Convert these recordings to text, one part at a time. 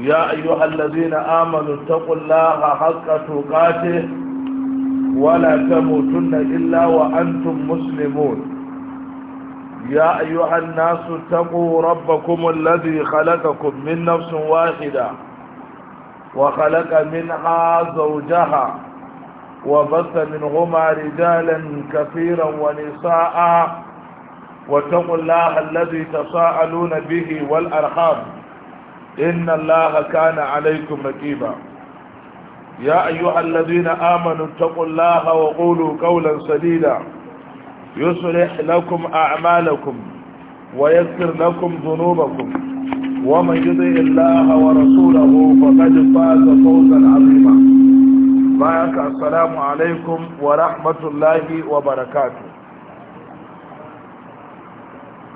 يا أيها الذين آمنوا اتقوا الله حق توقاته ولا تموتن إلا وأنتم مسلمون يا أيها الناس اتقوا ربكم الذي خلقكم من نفس واحدة وخلق منها زوجها وبث منهما رجالا كثيرا ونساء واتقوا الله الذي تساءلون به والأرحام إن الله كان عليكم ركيبا يا أيها الذين آمنوا اتقوا الله وقولوا قولا سديدا يصلح لكم أعمالكم ويذكر لكم ذنوبكم ومن يطع الله ورسوله فقد فاز فوزا عظيما بارك السلام عليكم ورحمة الله وبركاته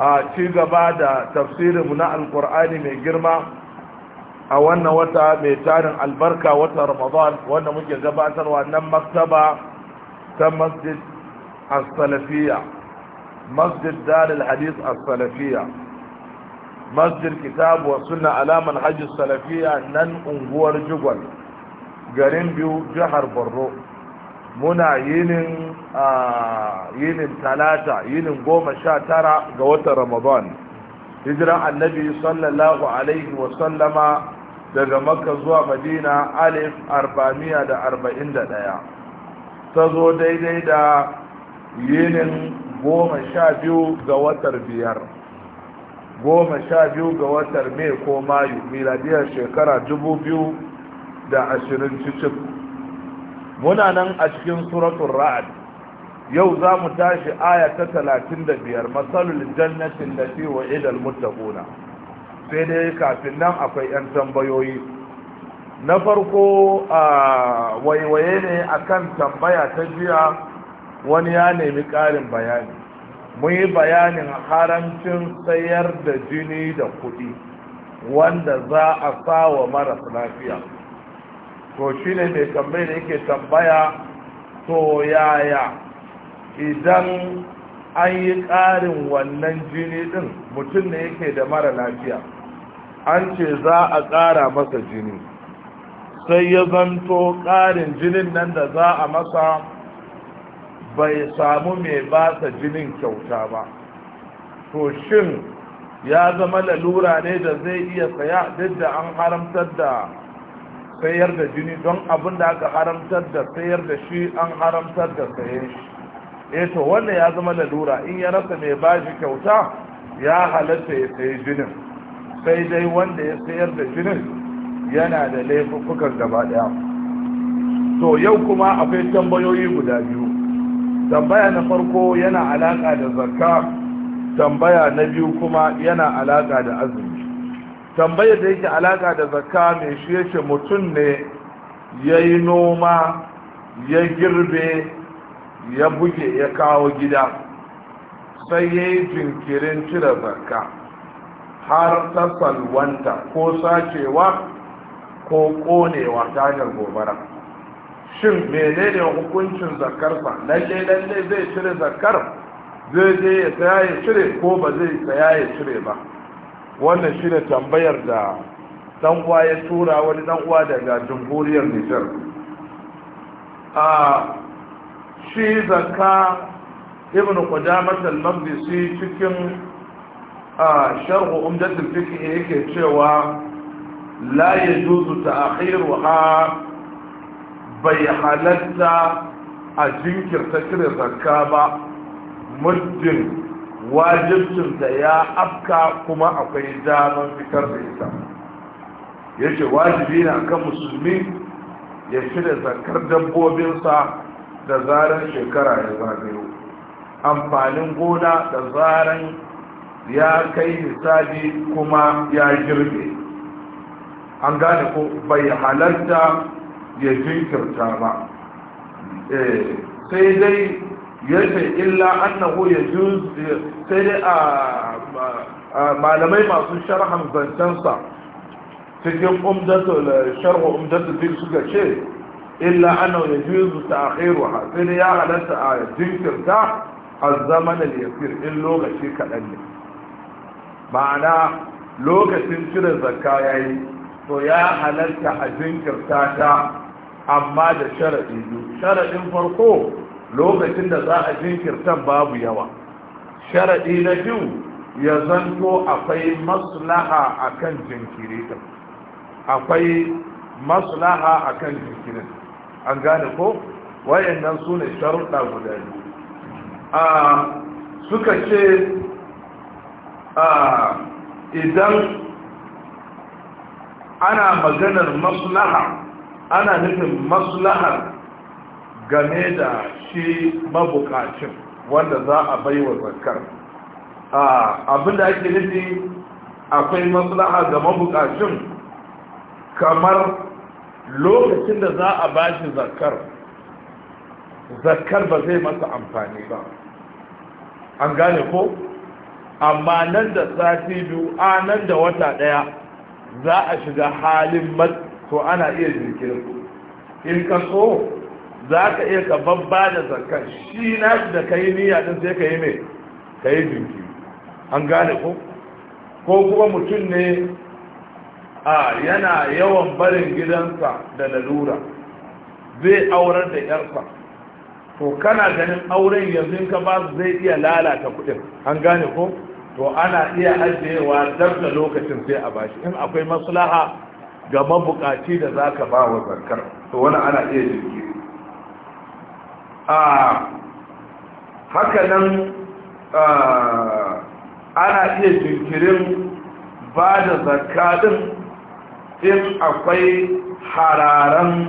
a ci gaba da tafsirinmu na alkur'ani mai girma a wannan wata mai tarin albarka wata ramadan wanda muke gabatarwa nan maktaba ta masjid as-salafiyya masjid dalil hadith as-salafiyya masjid kitab wa sunna alaman hajji salafiya nan unguwar jugwal garin biyu jihar borno muna yinin yinin talata yinin goma sha tara ga watan ramadan hijiran annabi sallallahu alaihi wasallama daga makka zuwa madina alif arba'amiya da arba'in da ɗaya ta zo daidai da yinin goma sha biyu ga watar biyar goma sha biyu ga watar mai ko mayu miladiyar shekara dubu biyu da ashirin cikin. muna nan a cikin suratun ra'ad yau za mu tashi aya ta talatin da biyar matsalul jannatin da fi wa idal mutabuna sai dai kafin nan akwai 'yan tambayoyi na farko a waiwaye ne akan tambaya ta jiya wani ya nemi ƙarin bayani mun yi bayanin haramcin sayar da jini da kuɗi wanda za a sa wa maras lafiya to shi ne mai tambayi da yake tambaya to yaya idan an yi ƙarin wannan jini ɗin mutum ne yake da mara lafiya an ce za a ƙara masa jini sai ya zanto ƙarin jinin nan da za a masa bai samu mai basa jinin kyauta ba to shin ya zama lalura ne da zai iya saya duk da an haramtar da sayar da jini don abin da aka haramtar da sayar da shi an haramtar da sayen shi e to wannan ya zama lalura in ya rasa mai bashi kyauta ya halatta ya sayi jinin sai dai wanda ya sayar da jinin yana da laifukan gaba daya to yau kuma akwai tambayoyi guda biyu tambaya na farko yana alaka da zakka tambaya na biyu kuma yana alaka da azumi tambayar da yake alaka da zakka mai shi yake mutum ne ya yi noma ya girbe ya buge ya kawo gida sai ya yi jinkirin cire zakka har ta salwanta ko sacewa ko konewa ta hanyar gobara shin menene hukuncin zakar zakarsa ke lalle zai cire zakar zai je ya saya ya cire ko ba zai saya ya cire ba wannan shi tambayar da dan uwa ya tura wani dan uwa daga jamhuriyar Nijar a shi zaka ibnu qudamah al cikin a sharhu umdatul fiqh yake cewa la yajuzu ta'khiruha bai halatta a jinkirta cire zakka ba muddin da ya afka kuma akwai damar fitar da ita ya ce wajibi na kan musulmi ya cire zakar dabbobinsa da zaren shekara ya zagayo amfanin gona da zaren ya kai misali kuma ya girbe an gane ko bai halarta ya jinkirta ba eh, sai dai yace illa annahu ya sai dai a malamai masu sharhan zancensa cikin umdatu sharhu umdatu din suka ce illa annahu ya juzu ta akhiruha sai dai ya halarta a jinkirta a zamanin yasir in lokaci kaɗan ne ma'ana lokacin cire zakka ya yi to ya halatta a jinkirta ta amma da sharaɗi biyu sharaɗin farko lokacin da za a jinkirta babu yawa sharaɗi na biyu ya zanto akwai maslaha a kan jinkiri akwai maslaha a kan jinkirin an gane ko wayannan su ne sharuɗa guda biyu ah, suka ce idan ana maganar maslaha ana nufin maslahar game da shi mabukacin wanda za a baiwa zakar abinda ake nufi akwai maslaha ga mabukacin kamar lokacin da za a bashi zakar zakar ba zai masa amfani ba an gane ko amma nan da sati biyu a nan da wata ɗaya za a shiga halin mat to ana iya jirgin in ka so za ka iya ka babba da shi na shi da ka yi niyya din sai ka yi mai ka yi jirgin an gane ko ko kuma mutum ne a yana yawan barin gidansa da lalura zai aurar da yarsa to kana ganin auren yanzu ka ba zai iya lalata kudin an gane ko to ana iya ajiyewa dab da lokacin sai a bashi in akwai maslaha ga mabukaci da zaka ka ba wa zakar to wani ana iya jirgi haka nan ana iya jinkirin ba da zakadin in akwai hararan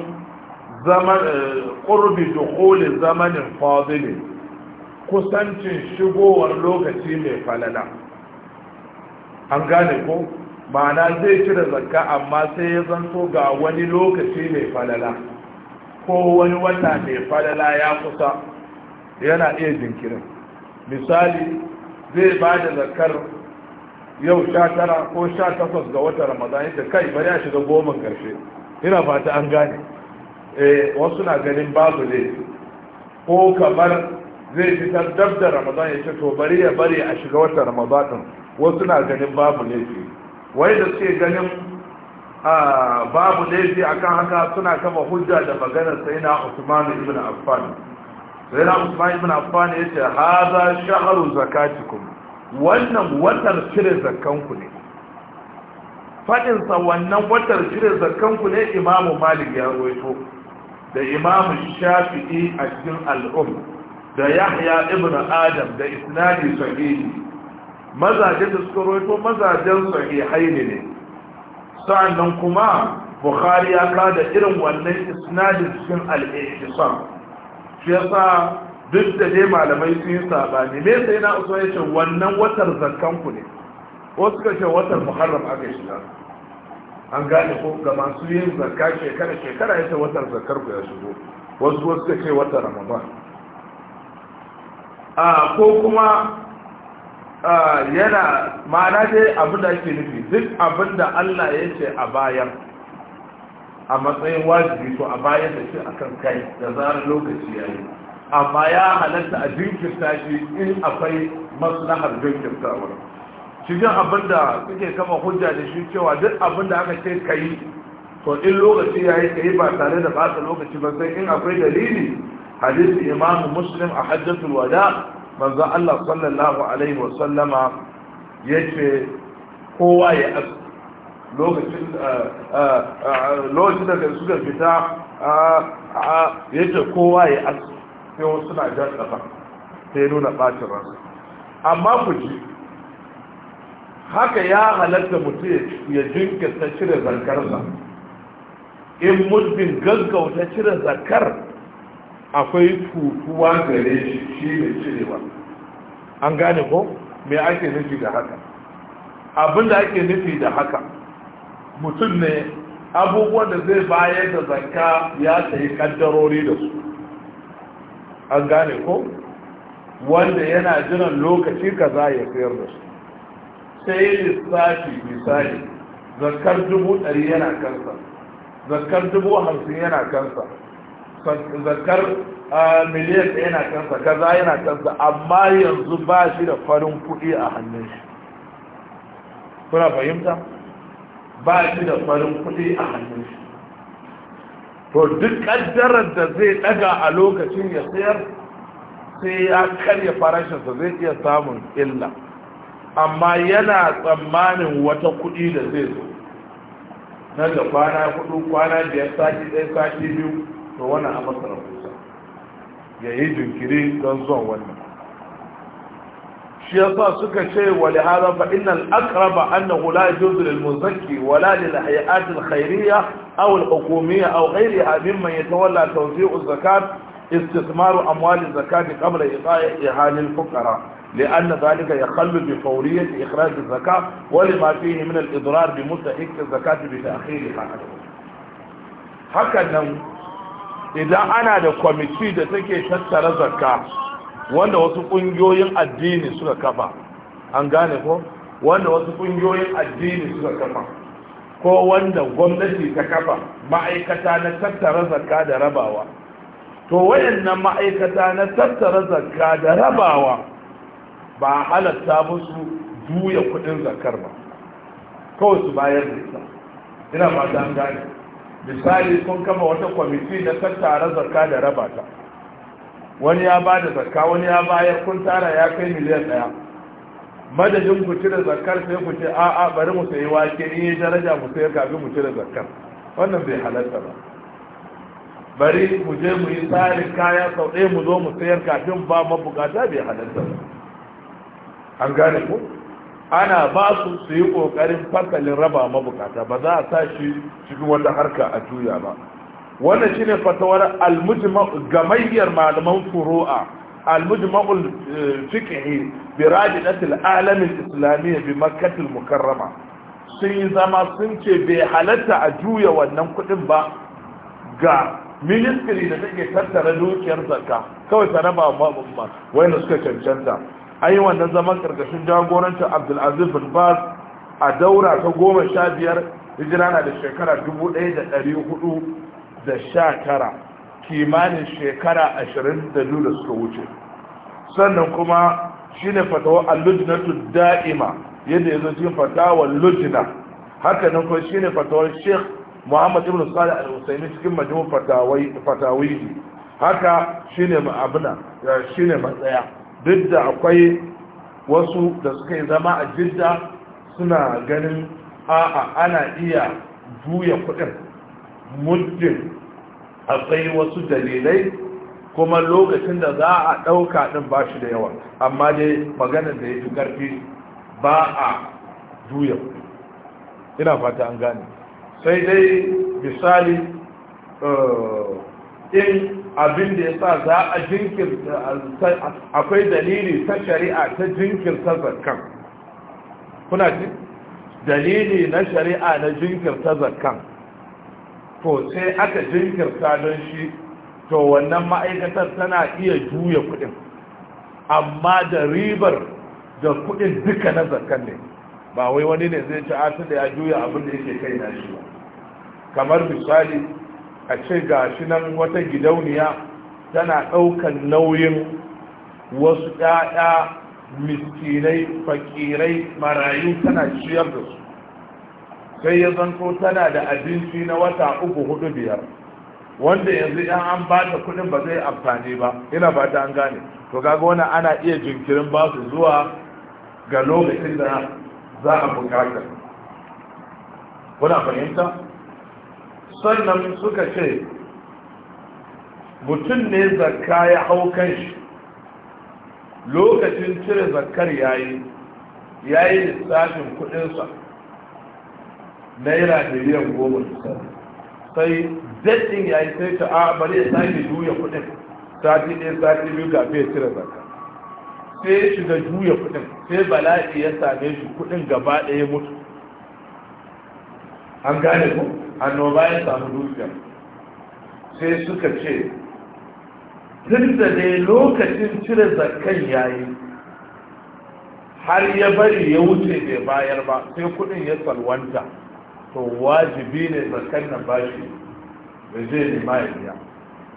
zaman ƙurbi eh, da zamanin fadilin kusancin shigowar lokaci mai falala an gane ko ma'ana zai cire zakka amma sai ya zanto ga wani lokaci mai falala ko wani wata mai falala ya kusa yana iya jinkirin misali zai ba da zakkar yau sha tara ko sha takwas ga wata ramadan yadda kai bari a shiga goma karshe ina fata an gane eh, wasu na ganin babu ne ko kamar zai fitar dab da ramadan ya ce to bari ya bari a shiga watan ramadan wasu na ganin babu laifi wai da suke ganin babu laifi akan haka suna kama hujja da maganar sai na usman ibn affan sai na usman ibn affan ya ce haza shaharu zakatikum wannan watar cire zakanku ne faɗinsa wannan watar cire zakanku ne imamu malik ya roito da imamu shafi'i a cikin al'umma da yahya ibn adam da isnadi sahihi mazajen da suka roito mazajen sahihai ne ne sa'annan kuma bukhari ya kada irin wannan isnadi cikin al-ihtisam shi yasa duk da dai malamai sun yi sabani me sai na uso ya ce wannan watar zakkan ku ne ko suka ce watar muharram aka shiga an gane ko ga masu yin zakka shekara shekara ya ce watar zakkar ku ya shigo wasu wasu suka ce watar ramadan ko kuma yana ma'ana dai abin da ake nufi duk abin da Allah ya ce a bayan a matsayin wajibi to a bayan da shi akan kai da zarar lokaci ya yi amma ya halatta a jinkirta shi in akwai maslahar jinkirta wani cikin abin da suke kama hujja da shi cewa duk abin da aka ce ka to in lokaci yayi yi ba tare da ba lokaci ba sai in akwai dalili حديث إمام مسلم a الوداء من ذا Allah sallallahu alaihi wa sallama يجفي kowa ya asu lokacin lokacin da suka fita yace kowa ya asu sai suna jan sai haka ya halatta mutum ya jinkirta cire sa in mutum gaggauta cire zakar akwai tutuwa gare shi shi ne cirewa an gane ko me ake nufi da haka abin da ake nufi da haka mutum ne abubuwan da zai bayar da zakka ya sayi kaddarori da su an gane ko wanda yana jiran lokaci kaza ya sayar da su sai lissafi misali zakar dubu ɗari yana kansa zakar dubu hamsin yana kansa zakar miliyan ɗaya na kansa kaza yana kansa amma yanzu ba shi da farin kuɗi a hannun shi kuna fahimta ba shi da farin kuɗi a hannun shi to duk ƙaddarar da zai ɗaga a lokacin ya sayar sai ya karya farashinsa zai iya samun illa amma yana tsammanin wata kuɗi da zai zo na da kwana hudu kwana biyar sati ɗaya sati biyu to wannan a masa rahusa ya yi jinkiri don zuwan wannan shi ya sa suka ce wa lihada fa innal aqraba annahu la yajuzu lil muzakki wala lil hay'at al khayriyya aw al hukumiyya aw ghayriha mimman yatawalla tawzi'u zakat استثمار أموال الزكاة قبل إيقاعها للفقراء لأن ذلك يخل بفورية إخراج الزكاة ولما فيه من الإضرار بمستحق الزكاة بتأخيرها هكذا idan ana da kwamiti da take tattara zakka wanda wasu kungiyoyin addini suka kafa an gane ko wanda wasu kungiyoyin addini suka kafa ko wanda gwamnati ta kafa ma'aikata na tattara zakka da rabawa to wayannan ma'aikata na tattara zakka da rabawa ba halatta musu duya kudin zakkar ba kawai su bayar da ita ina ba an gane misali sun kama wata kwamiti na tattara zakka da raba ta wani ya ba da zakka wani ya bayar kun tara ya kai miliyan ɗaya madadin ku cire zakkar sai ku ce a'a bari mu sayi wake ni yi daraja mu sayi kafin mu cire zakkar wannan bai halatta ba bari mu je mu yi tsarin kaya sau ɗaya mu zo mu sayar kafin ba mabukata bai halatta ba an gane ku ana ba su su yi fasalin raba mabukata ba za a sa shi cikin wata harka a juya ba wannan shine fatawar almujma gamayyar malaman furu'a almujma'u eh, fiqhi bi rajidatil alam islamiyya bi makkah mukarrama sun yi zama sun ce bai halatta a juya wannan kuɗin ba ga ministry da take tattara dukiyar zakka kawai ta raba wa wanda suka cancanta an yi wannan zaman karkashin jagorancin abdulaziz bin bas a daura ta goma sha biyar hijira na da shekara dubu ɗaya da ɗari hudu da sha tara kimanin shekara ashirin da biyu da suka wuce sannan kuma shine fatawa alludinatu da'ima yadda ya zo cikin fatawa lujina haka nan kuma shine fatawar sheikh muhammad ibn salih al-husaini cikin majmu fatawai fatawi haka shine abuna shine matsaya duk da akwai wasu da suka yi zama a jidda suna ganin a'a ana iya juya kudin muddin akwai wasu dalilai kuma lokacin da za a ɗauka ɗin ba shi da yawa amma dai maganar da ya fi ƙarfi ba a juya ina fata an gane sai dai misali eh, in abin da ya sa za a jinkirta akwai dalili ta shari'a ta jinkirta zakkan kuna ji dalili na shari'a na jinkirta zakkan to sai aka jinkirta don shi to wannan ma'aikatar tana iya juya kudin amma da ribar da kudin duka na zakkan ne ba wai wani ne zai ci asu da ya juya abin da yake kai na shi ba kamar misali a ce gashi nan wata gidauniya tana ɗaukan nauyin wasu ɗaya miskinai fakirai marayu tana ciyar da su sai ya zanto tana da abinci na wata uku hudu biyar wanda yanzu yan an ba ta kudin ba zai amfani ba ina ba ta an gane to kaga wannan ana iya jinkirin ba su zuwa ga lokacin da za a bukata kuna fahimta sannan suka ce mutum ne zakka ya hau kanshi lokacin cire zakkar yayi yayi lissafin kudinsa naira miliyan goma da sai daɗin yayi sai ta a bari ya sake juya kudin sati ɗaya sati biyu gafe ya cire zakka sai shiga juya kudin sai bala'i ya same shi kudin gaba ɗaya mutu an gane ku annoba ya samu dukiya sai suka ce tun da dai lokacin cire zakan yayi har ya bari ya wuce bai bayar ba sai kudin ya salwanta to wajibi ne zakan nan bashi da zai nema ya biya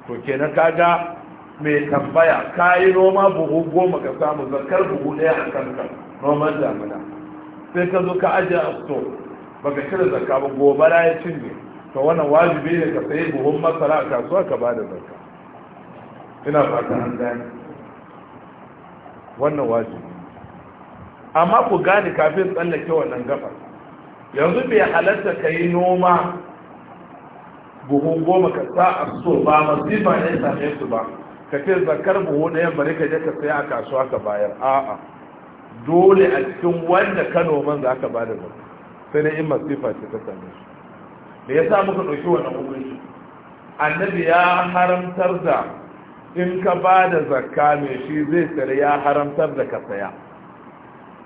to kenan kaga mai tambaya ka yi noma buhu goma ka samu zakar buhu ɗaya a kanka noman damina sai ka zo ka ajiye a store baka cire zakka ba gobara ya cinye to wannan wajibi ne ka sayi buhun masara a kasuwa ka ba da zakka ina fata an gani wannan wajibi amma ku gane kafin tsallake wannan gafa yanzu bai halatta ka yi noma buhun goma ka sa a so ba ba ne ya same su ba ka ce zakar buhu na yamma ka je ka sayi a kasuwa ka bayar a'a dole a cikin wanda ka noman za ka ba da zakka sai dai in masifa ce ta same shi da ya sa muka ɗauki wannan hukunci annabi ya haramtar da in ka ba da zakka mai shi zai tsare ya haramtar da ka saya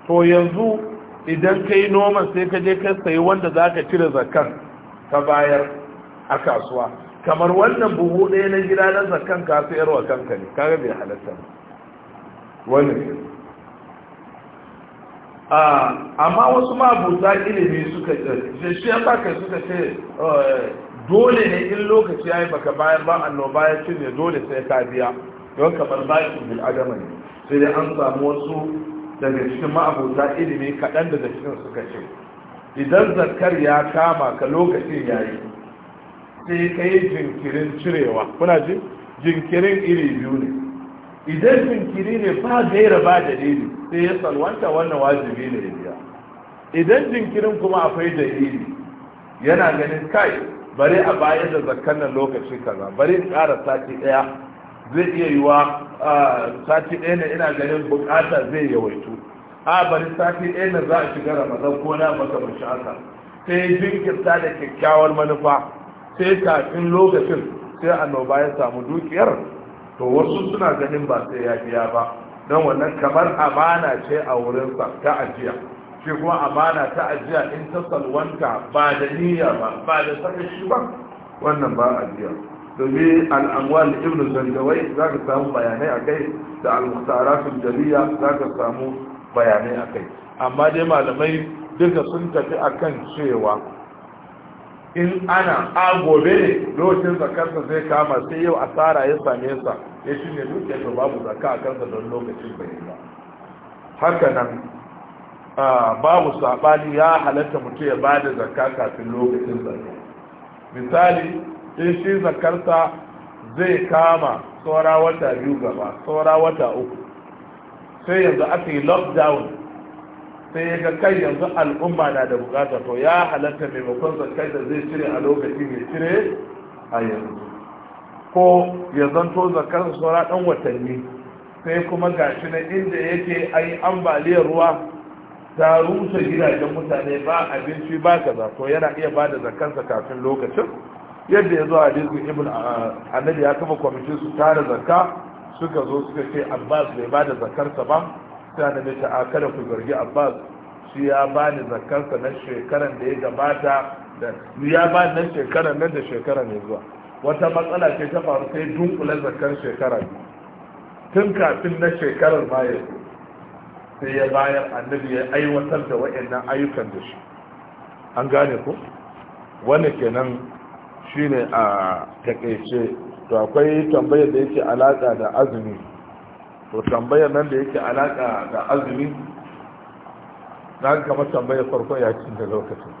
to yanzu idan ka yi noman sai ka je ka sayi wanda za ka cire zakkan ka bayar a kasuwa kamar wannan buhu ɗaya na gida na zakkan ka sayarwa kanka ne ga bai halatta wannan Ah, amma wasu mabuta ilimi suka ce shi ya baka suka ce eh, dole ne in lokaci ya yi baka bayan ba annoba ya cinye dole sai ka biya don kamar bakin bil adama ne sai dai an samu wasu daga cikin ma'abuta ilimi kaɗan daga cikin suka ce idan zakar ya kama ka lokacin ya yi sai ka yi jinkirin cirewa kuna ji jinkirin iri biyu ne idan jinkiri ne ba gaira ba dalili sai ya salwanta wannan wajibi ne ya biya idan jinkirin kuma akwai dalili yana ganin kai bari a bayar da zakkan nan lokaci kaza bari in ƙara sati ɗaya zai iya wa sati ɗaya ne ina ganin bukata zai yawaitu a bari sati ɗaya na za a shiga ramadan ko na makamanci haka sai jinkirta da kyakkyawar manufa sai kafin lokacin sai annoba ya samu dukiyar to wasu suna ganin ba sai ya biya ba don wannan kamar amana ce a wurinsa ta ajiya shi kuma amana ta ajiya in ta salwanta ba da niyya ba ba da saka shi ba wannan ba ajiya domin al'amwal ibn zanjawai za ka samu bayanai a kai da al-mukhtaratun jariya za ka samu bayanai akai. amma dai malamai duka sun tafi akan cewa in ana a gobe ne lokacin zakarsa zai kama sai yau asara ya same sa ya ne duk da babu zaka a kansa don lokacin bai ba haka nan babu saɓani ya halatta mutum ya ba da zaka kafin lokacin zaka misali in shi zakarsa zai kama saura wata biyu gaba saura wata uku sai yanzu aka yi lockdown sai ya ga kai yanzu al'umma na da bukata to ya halatta maimakon zakai da zai cire a lokacin ya cire a yanzu ko ya zanto zakar saura dan watanni sai kuma gashi na inda yake ai ambaliyar ruwa ta rusa gidajen mutane ba abinci ba kaza to yana iya bada zakarsa kafin lokacin yadda ya zo a ibn annabi ya kafa kwamitin su tara zakka suka zo suka ce abbas bai bada zakarsa ba sai annabi ta akara ku zargi abbas shi ya bani zakarsa na shekaran da ya gabata da ya bani na shekaran nan da shekaran ya zuwa wata matsala ce ta faru sai dunkula zakar shekara tun kafin na shekarar ma ya sai ya bayar annabi ya aiwatar da wa'annan ayyukan da shi an gane ko wani kenan shine a takaice to akwai tambayar da yake alaka da azumi to tambayar nan da yake alaka da azumi na kama tambayar farko ya cin da lokacin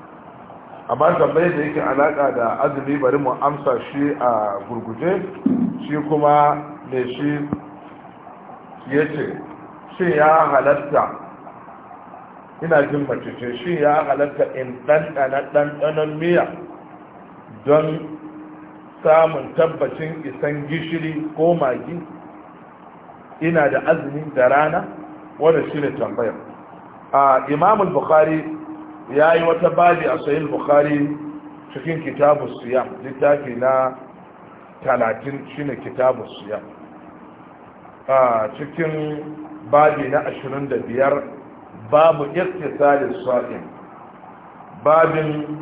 amma tambaye da yake alaka da azumi bari mu amsa shi a gurguje shi kuma ne shi ya ce shi ya halatta ina jin mace ce shi ya halatta in ɗanɗana ɗanɗanon miya don samun tabbacin isan gishiri ko magi ina da azumi da rana wadda shi ne tambayar imamul bukhari ya yi wata babi a sahih bukari cikin kitabu siyam littafi na talatin shine kitabu siyam a cikin babi na ashirin da biyar babu iktisalin sa'in babin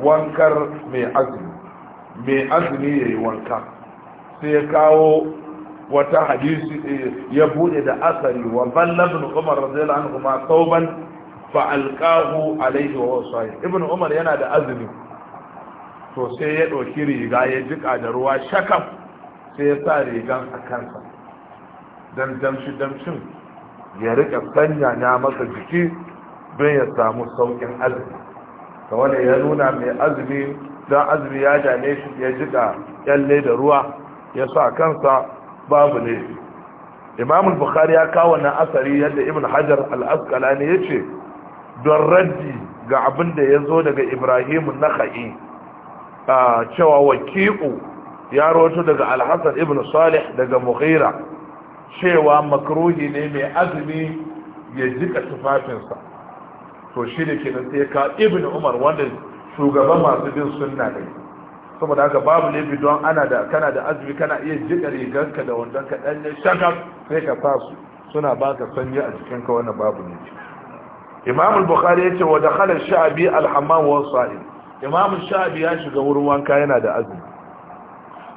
wankar mai azumi mai azumi ya yi wanka sai ya kawo wata hadisi ya bude da asali wa ballabin umar radiyallahu anhu ma sauban fa alqahu alaihi wa wasai ibnu umar yana da azumi to sai ya ɗauki riga ya jika da ruwa shakam sai ya sa rigan a kansa don damshi damshin ya rika sanya na masa jiki don ya samu saukin azumi ta wani ya nuna mai azumi don azumi ya dame shi ya jika kyalle da ruwa ya sa kansa babu ne imamul bukhari ya kawo na asari yadda ibn hajar al-asqalani ya ce don raddi ga abin da ya zo daga ibrahim na ka'i cewa wakiku ya roto daga alhassan ibn salih daga muhira cewa makaruhi ne mai azumi ya jika tufafinsa to shi da ke sai ka ibn umar wanda shugaban masu bin sunna ne saboda haka babu laifi don ana da kana da azumi kana iya jika riganka da wandonka ɗanyen shakar sai ka sa su suna baka sanyi a jikinka wannan babu ne imam al-bukhari yace wa dakhala ash-sha'bi al-hammam wa sa'id imam ash-sha'bi ya shiga wurin wanka yana da azumi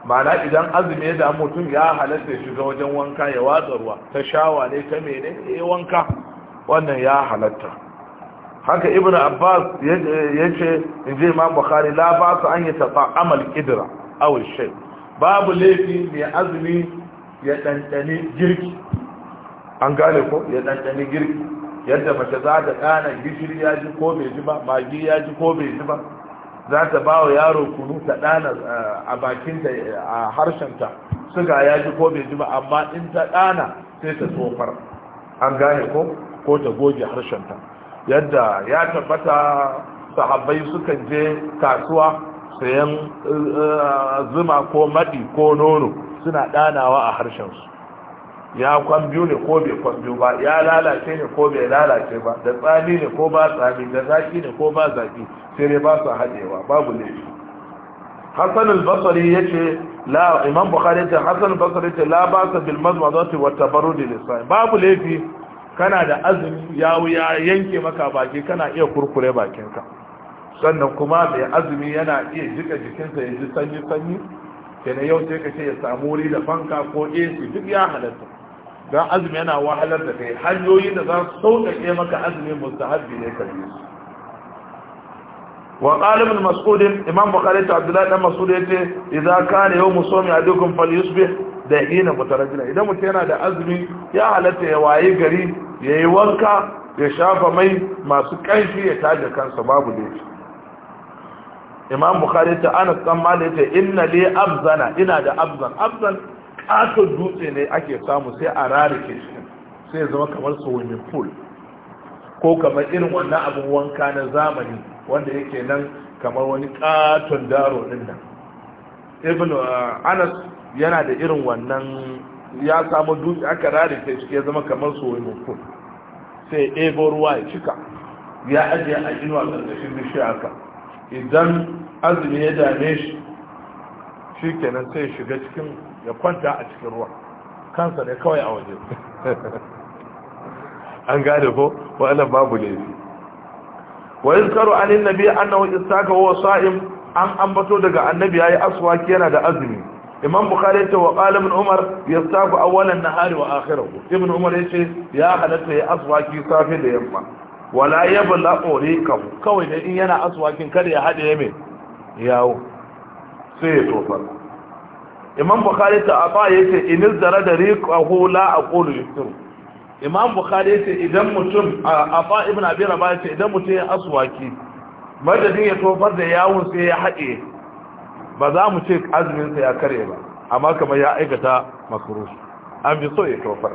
ma'ana idan azumi ya damu mutum ya halatta shiga wajen wanka ya watsa ruwa ta shawa ne ta mene ya wanka wannan ya halatta haka ibnu abbas yace inji imam bukhari la ba su an yi tafa amal qidra aw ash-shay babu laifi mai azumi ya dandane girki an gane ko ya dandane girki yadda mace za ta ɗana gishiri ya ji ko bai ji ba magi ya ji ko bai ji ba za ta ba wa yaro kunu ta ɗana eh, a bakinta eh, a harshenta suga ya ji ko bai ji ba amma in ta ɗana sai ta tsofar an gane ko ko ta goge harshenta yadda ya tabbata sahabbai suka je kasuwa sayan eh, zuma ko maɗi ko nono suna ɗanawa a harshensu ya kwan biyu ne ko bai kwan ba ya lalace ne ko bai lalace ba da tsami ne ko ba tsami da zaki ne ko ba zaki sai dai ba su haɗewa babu ne Hassan al-Basri yace la Imam Bukhari ta Hassan al-Basri ta la ba sa bil madmadati wa tabarrud lisan babu lafi kana da azumi ya ya yanke maka baki kana iya kurkure bakinka sannan kuma mai azumi yana iya jika jikinsa ya ji sanyi sanyi kenan yau sai ka ce ya samu wuri da fanka ko AC duk ya halatta don azumi yana wahalar da kai hanyoyi da za su sauƙaƙe maka azumi mustahabbi ne ka yi wa qalibul mas'ud imam bukhari ta abdullahi dan mas'ud yace idza kana yawmu sawmi adukum yusbih da hina mutarajjila idan mutum yana da azumi ya halatta ya wayi gari yayi wanka ya shafa mai masu kanshi ya taje kansa babu laifi imam bukhari ta anas kan mali inna li abzana ina da abzan abzan katon dutse ne ake samu sai a rarike shi sai zama kamar swimming pool ko kamar irin wannan abin wanka na zamani wanda yake nan kamar wani katon daro din nan ibn uh, anas yana da irin wannan ya samu dutse aka rarike shi ya zama kamar swimming pool sai ebo ruwa ya cika ya ajiye a inuwa ƙarƙashin bishiya haka idan azumi ya dame shi shi kenan sai shiga cikin ya kwanta a cikin ruwa kansa ne kawai a waje an gane ko wa'annan babu laifi wa yuzkaru anin nabi annahu istaka wa sa'im an ambato daga annabi yayi aswaki yana da azumi imam bukhari ta wa qala min umar wannan awwalan nahari wa akhirahu ibn umar yace ya halatta ya aswaki safe da yamma wala yabla qawlikahu kawai da in yana aswakin kada ya hade mai. yawo sai ya tofar imam bukhari ta aba ce in zara da riqahu la aqulu yusur imam bukhari ce idan mutum aba ibn abi rabah ce idan mutum ya aswaki madadin ya tofar da yawun sai ya haɗe ba za mu ce azumin sa ya kare ba amma kamar ya aikata makruh an bi so ya tofar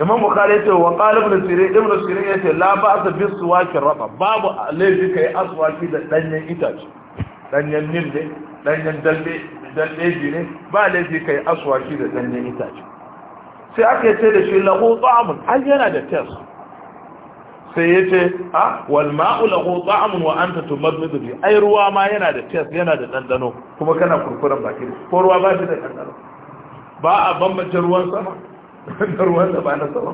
imam bukhari ce wa qala ibn sirin ibn sirin ce la ba'sa bi suwaki raba babu laifi kai aswaki da danyen itace danyen nille danyen dalbe dan leji ne ba leji kai aswaki da dan itace sai aka ce da shi lahu ta'amun an yana da test sai ya ce a ah, wal ma'u lahu ta'amun wa anta tumaddu bi ai ruwa ma yana da test yana da dandano kuma kana kurkuran baki ko ruwa ba shi da dandano ba a bambance ruwan sama da ruwan da ba na sama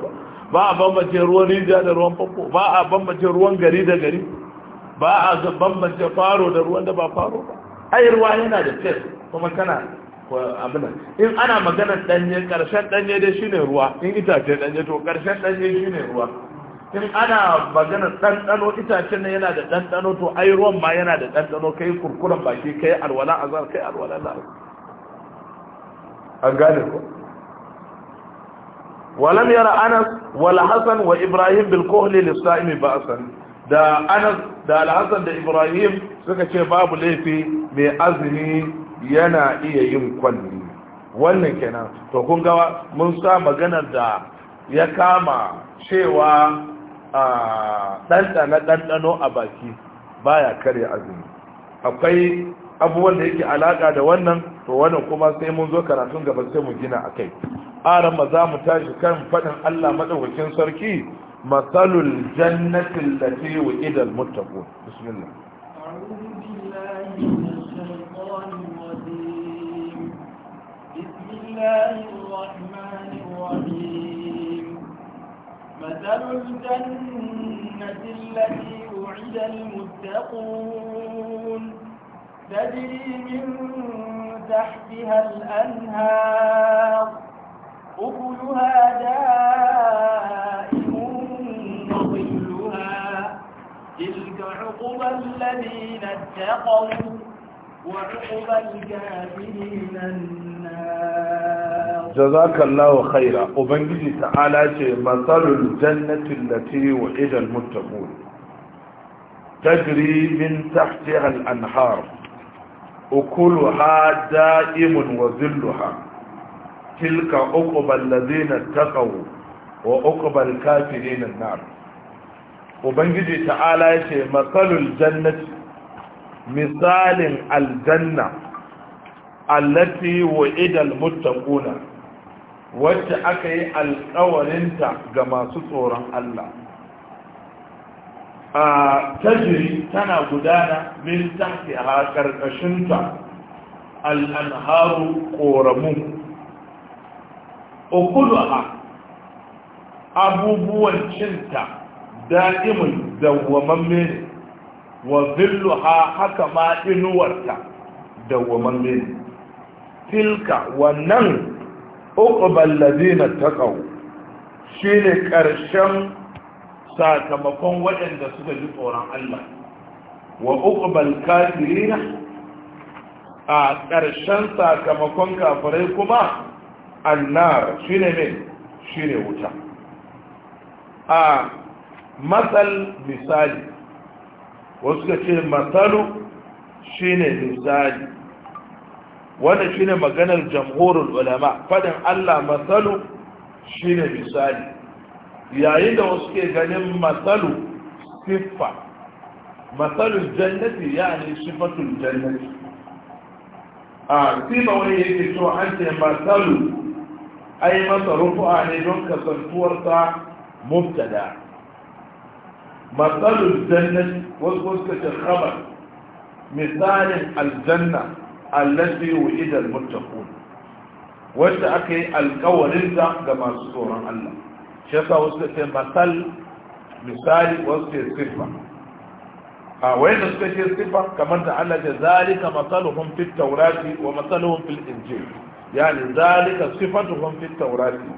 ba a bambance ruwan rija da ruwan famfo ba a bambance ruwan gari da gari ba a bambance faro da ruwan da ba faro ba ai ruwa yana da fes kuma kana abinan in ana maganar danye karshen danye dai shine ruwa in itace danye to karshen danye shine ruwa in ana maganar ɗanɗano itacen ne yana da ɗanɗano to ai ruwan ma yana da ɗanɗano kai kurkuren baki kai alwala azar kai alwala lahar an gane ko walam yara anas wal hasan wa ibrahim bil kohli lisa'imi ba'san da anas da alhassan da ibrahim suka ce babu laifi mai azumi yana iya yin kwalli wannan kenan to kun gawa mun sa maganar da ya kama cewa ɗanɗana ɗanɗano a baki baya karya azumi akwai abubuwan da yake alaƙa da wannan to wannan kuma sai mun zo karatun gaba sai mu gina a kai aran ma za mu tashi kan faɗin allah maɗaukakin sarki مثل الجنة التي وإذا المتقون بسم الله أعوذ بالله من الشيطان الرجيم بسم الله الرحمن الرحيم مثل الجنة التي وعد المتقون تجري من تحتها الأنهار أكلها دار تلك عقبى الذين اتقوا وعقبى الكافرين النار جزاك الله خيرا وبنجي تعالى مثل الجنة التي وعد المتقون تجري من تحتها الأنهار أكلها دائم وذلها تلك عقبى الذين اتقوا وعقبى الكافرين النار ubangiji ta'ala ya ce matsalul jannati misalin aljanna allati wa'idal muttaquna wacce aka yi alkawarinta ga masu tsoron Allah a tajiri tana gudana min tahti a karkashinta al'anharu ƙoramu ukuluha abubuwan cinta da'imun dawwamamme ne wa ha haka ma inuwarta dawwamamme ne tilka wannan uqbal ladina shi ne ƙarshen sakamakon waɗanda suka ji tsoron Allah wa uqbal kafirina a ƙarshen sakamakon kafirai kuma annar shi ne ne wuta a matsal misali wasu ka ce matsalu shine misali wanda shine maganar jamhurin ulama fadin allah matsalu shine misali yayin da wasu ke ganin matsalu siffa matsalu jannati ya ne sifatun jannati a siffa wani yake so an ce matsalu ai masa rufu'a ne don kasantuwarsa mubtada matsalin jannati wasu wasu ce khabar misalin aljanna allati wu'ida almuttaqun wanda aka yi alkawarin da ga masu tsoron Allah shi yasa wasu ce masal misali wasu ce sifa a wayanda suka ce sifa kamar da Allah ce zalika masaluhum fit tawrati wa masaluhum fil injil yani zalika sifatuhum fit tawrati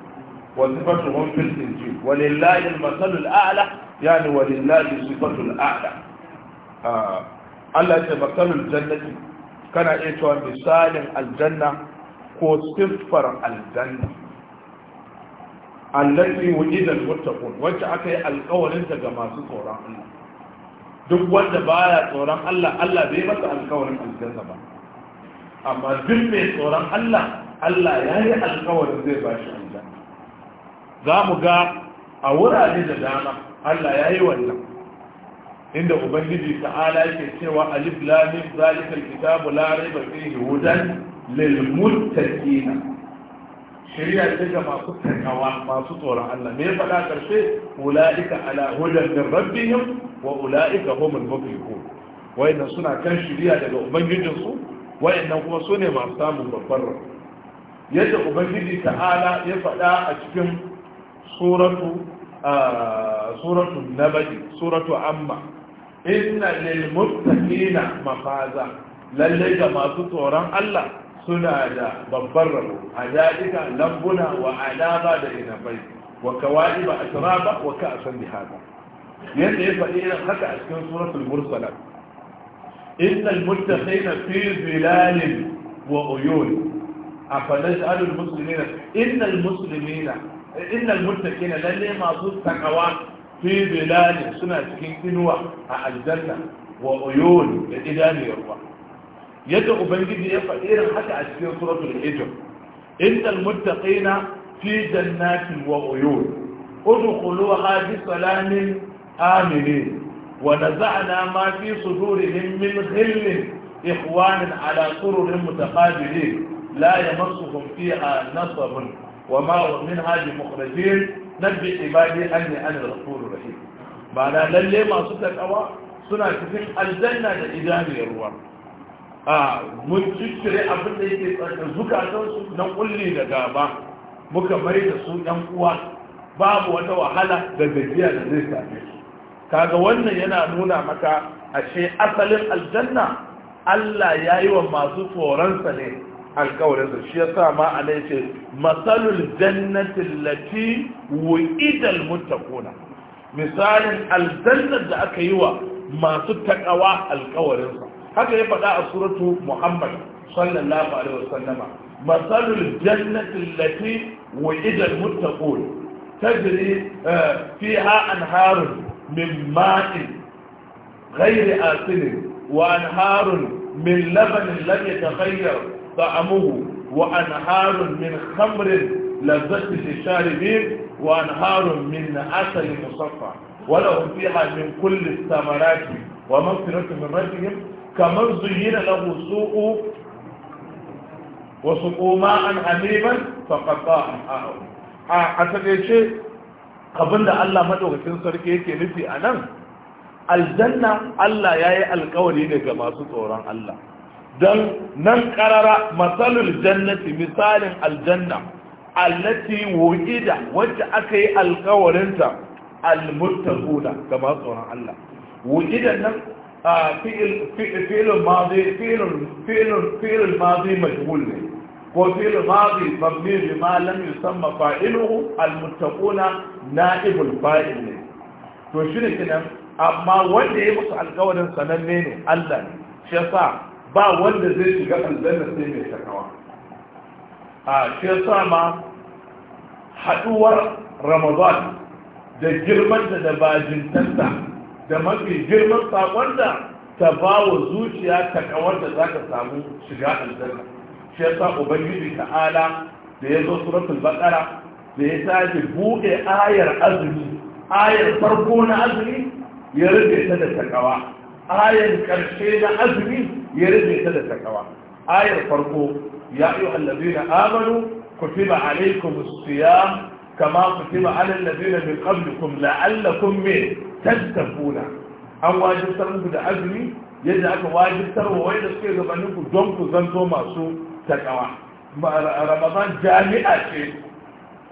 وصفاتهم في الإنجيل ولله المثل الأعلى يعني ولله صفة الأعلى آه. الله يتمثل الجنة كان إيتوا مثال الجنة هو صفر الجنة التي وجد المتقون وجعك القول انت كما سورة الله duk wanda baya tsoron Allah Allah bai masa alkawarin aljanna ba amma duk mai tsoron Allah Allah ya yi alkawarin zai ba shi za mu ga a wurare da dama Allah ya yi wannan inda ubangiji ta'ala yake cewa alif lamim zalika kitabu la raiba fihi hudan lil muttaqina shari'a ce ga masu takawa masu tsoron Allah me faɗa karshe ulaika ala hudan min rabbihim wa ulaika humul muflihun wayannan suna kan shari'a daga ubangijinsu wayannan kuma sune masu samun babbar yadda ubangiji ta'ala ya faɗa a cikin suratu ah, suratu nabaji suratu amma inna lil muttaqina mafaza lalle ga masu tsoron Allah suna da babbar rabo a dalika lambuna wa alaba da inabai wa kawai ba asraba wa ka'san bihada yadda ya faɗi irin haka a cikin suratul mursalat innal muttaqina fi إن المتكين لن يمعظوا التكوان في بلاد سنة كنوة الجنة وعيون الإدان يروى يدعو بنجد يفعير حتى أسكير صورة الإجر إن المتقين في جنات وعيون ادخلوها بسلام آمنين ونزعنا ما في صدورهم من غل إخوان على سرر متقابلين لا يمسهم فيها نصب وما منها بمخرجين نبي عبادي أني أنا الغفور الرحيم معنى للي ما صدق أوا سنة تفين الجنة لإدام الروا mun ciccire abin da yake tsakanin zukatansu na kulli da gaba muka bai da su 'yan uwa babu wata wahala da gajiya da zai same kaga wannan yana nuna maka ashe asalin aljanna Allah ya yi wa masu tsoronsa ne alkawarinsa shi ya sa ma ala yace masalul jannati allati wu'idal muttaquna misalin aljannar da aka yi wa masu takawa alkawarinsa haka ya faɗa a suratu muhammad sallallahu alaihi wasallama masalul jannatin allati wu'idal tajiri tajri eh, fiha anharun min ma'in غير آسن وأنهار من لبن لم يتغير طعمه وأنهار من خمر لذة للشاربين وأنهار من عسل مصفى ولهم فيها من كل الثمرات ومغفرة من ربهم كمن زين له سوء وسقوا ماء حميما فقطع أمعاءهم a takaice abinda Allah madaukakin sarki yake nufi a nan aljanna Allah ya yi alkawari ne ga masu tsoron Allah don nan karara matsalul jannati misalin aljanna allati wuhida wacce aka yi alkawarinta almuttaquna ga masu tsoron Allah wuhidan nan fi'il madi fi'il fi'il fi'il madi majhul ne ko fi'il madi mabni bi ma lam yusamma fa'iluhu almuttaquna na'ibul fa'il ne to shine kinan amma wanda ya musu alkawarin sananne ne Allah ne shi yasa ba wanda zai shiga aljanna sai mai shakawa. a shi yasa ma haduwar ramadan da girman da da bajintanta da mafi girman sakon da ta ba wa zuciya takawar da za ka samu shiga aljanna shi yasa ubangiji ta'ala da ya zo suratul baqara da ya tashi buɗe ayar azumi ayar farko na azumi ya rufe ta da takawa ayar karshe na azumi ya rage ta da takawa ayar farko ya ayu allazina amanu kutiba alaykum as-siyam kama kutiba ala allazina min qablikum la'allakum min an wajibtar muku da azumi yadda aka wajibtar wa wanda suke gabanin ku don ku zanto masu takawa ramadan jami'a ce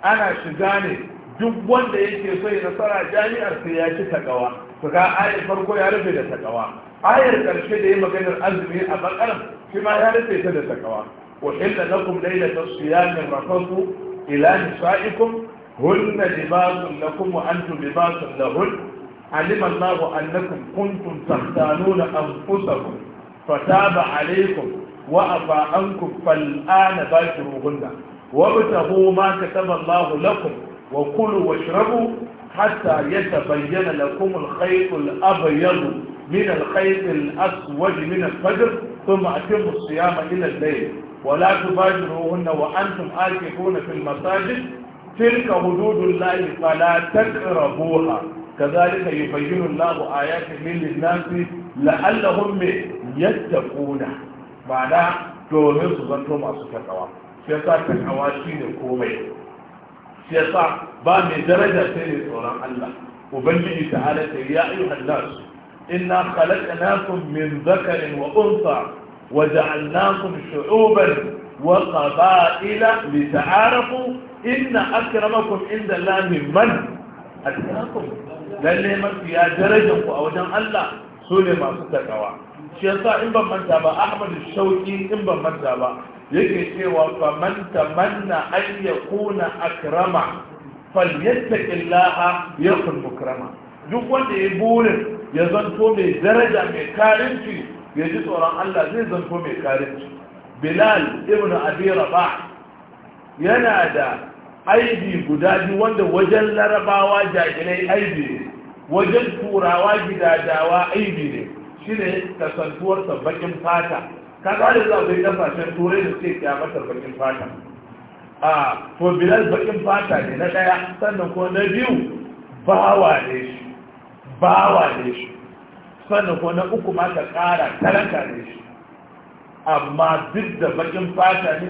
ana shiga ne duk wanda yake so ya nasara jami'ar sai ya ci takawa to ga ayar farko ya rufe da takawa ayar karshe da ya maganar azumi a bakar shi ma ya rufe ta da takawa wa hilla lakum laylata siyamin rafatu ila nisaikum hunna libasun lakum wa antum libasun lahun علم الله أنكم كنتم تختانون أنفسكم فتاب عليكم وأفى عنكم فالآن باشروهن وابتغوا ما كتب الله لكم وكلوا واشربوا حتى يتبين لكم الخيط الأبيض من الخيط الأسود من الفجر ثم أتموا الصيام إلى الليل ولا تبادروهن وأنتم آكفون في المساجد تلك حدود الله فلا تقربوها كذلك يبين الله آياته للناس لعلهم يتقون معناه domin su اصدقاء masu takawa sai الكومي يسع بامي درجة سيد قرآن الله وبنجي تعالى يا أيها الناس إنا خلقناكم من ذكر وأنثى وجعلناكم شعوبا وقبائل لتعارفوا إن أكرمكم عند الله من أكرمكم لأنهم من فيها درجة أو جمع الله سلمة ستكوا shi yasa in ban manta ba ahmad shauki in ban manta ba yake cewa faman tamanna an yakuna akrama falyattaqillaha yakun mukrama duk wanda ya burin ya zanto mai daraja mai karinci ya ji tsoron Allah zai zanto mai karinci bilal ibn abi rabah yana da aibi guda biyu wanda wajen larabawa jahilai aibi ne wajen turawa gidadawa aibi ne shi ne kasantuwar sabbakin fata ka gane za zai kasashen turai da suke kyamatar bakin fata a to bilal bakin fata ne na daya sannan ko na biyu bawa ne shi bawa ne shi sannan ko na uku ma ka kara talaka ne shi amma duk da bakin fata ne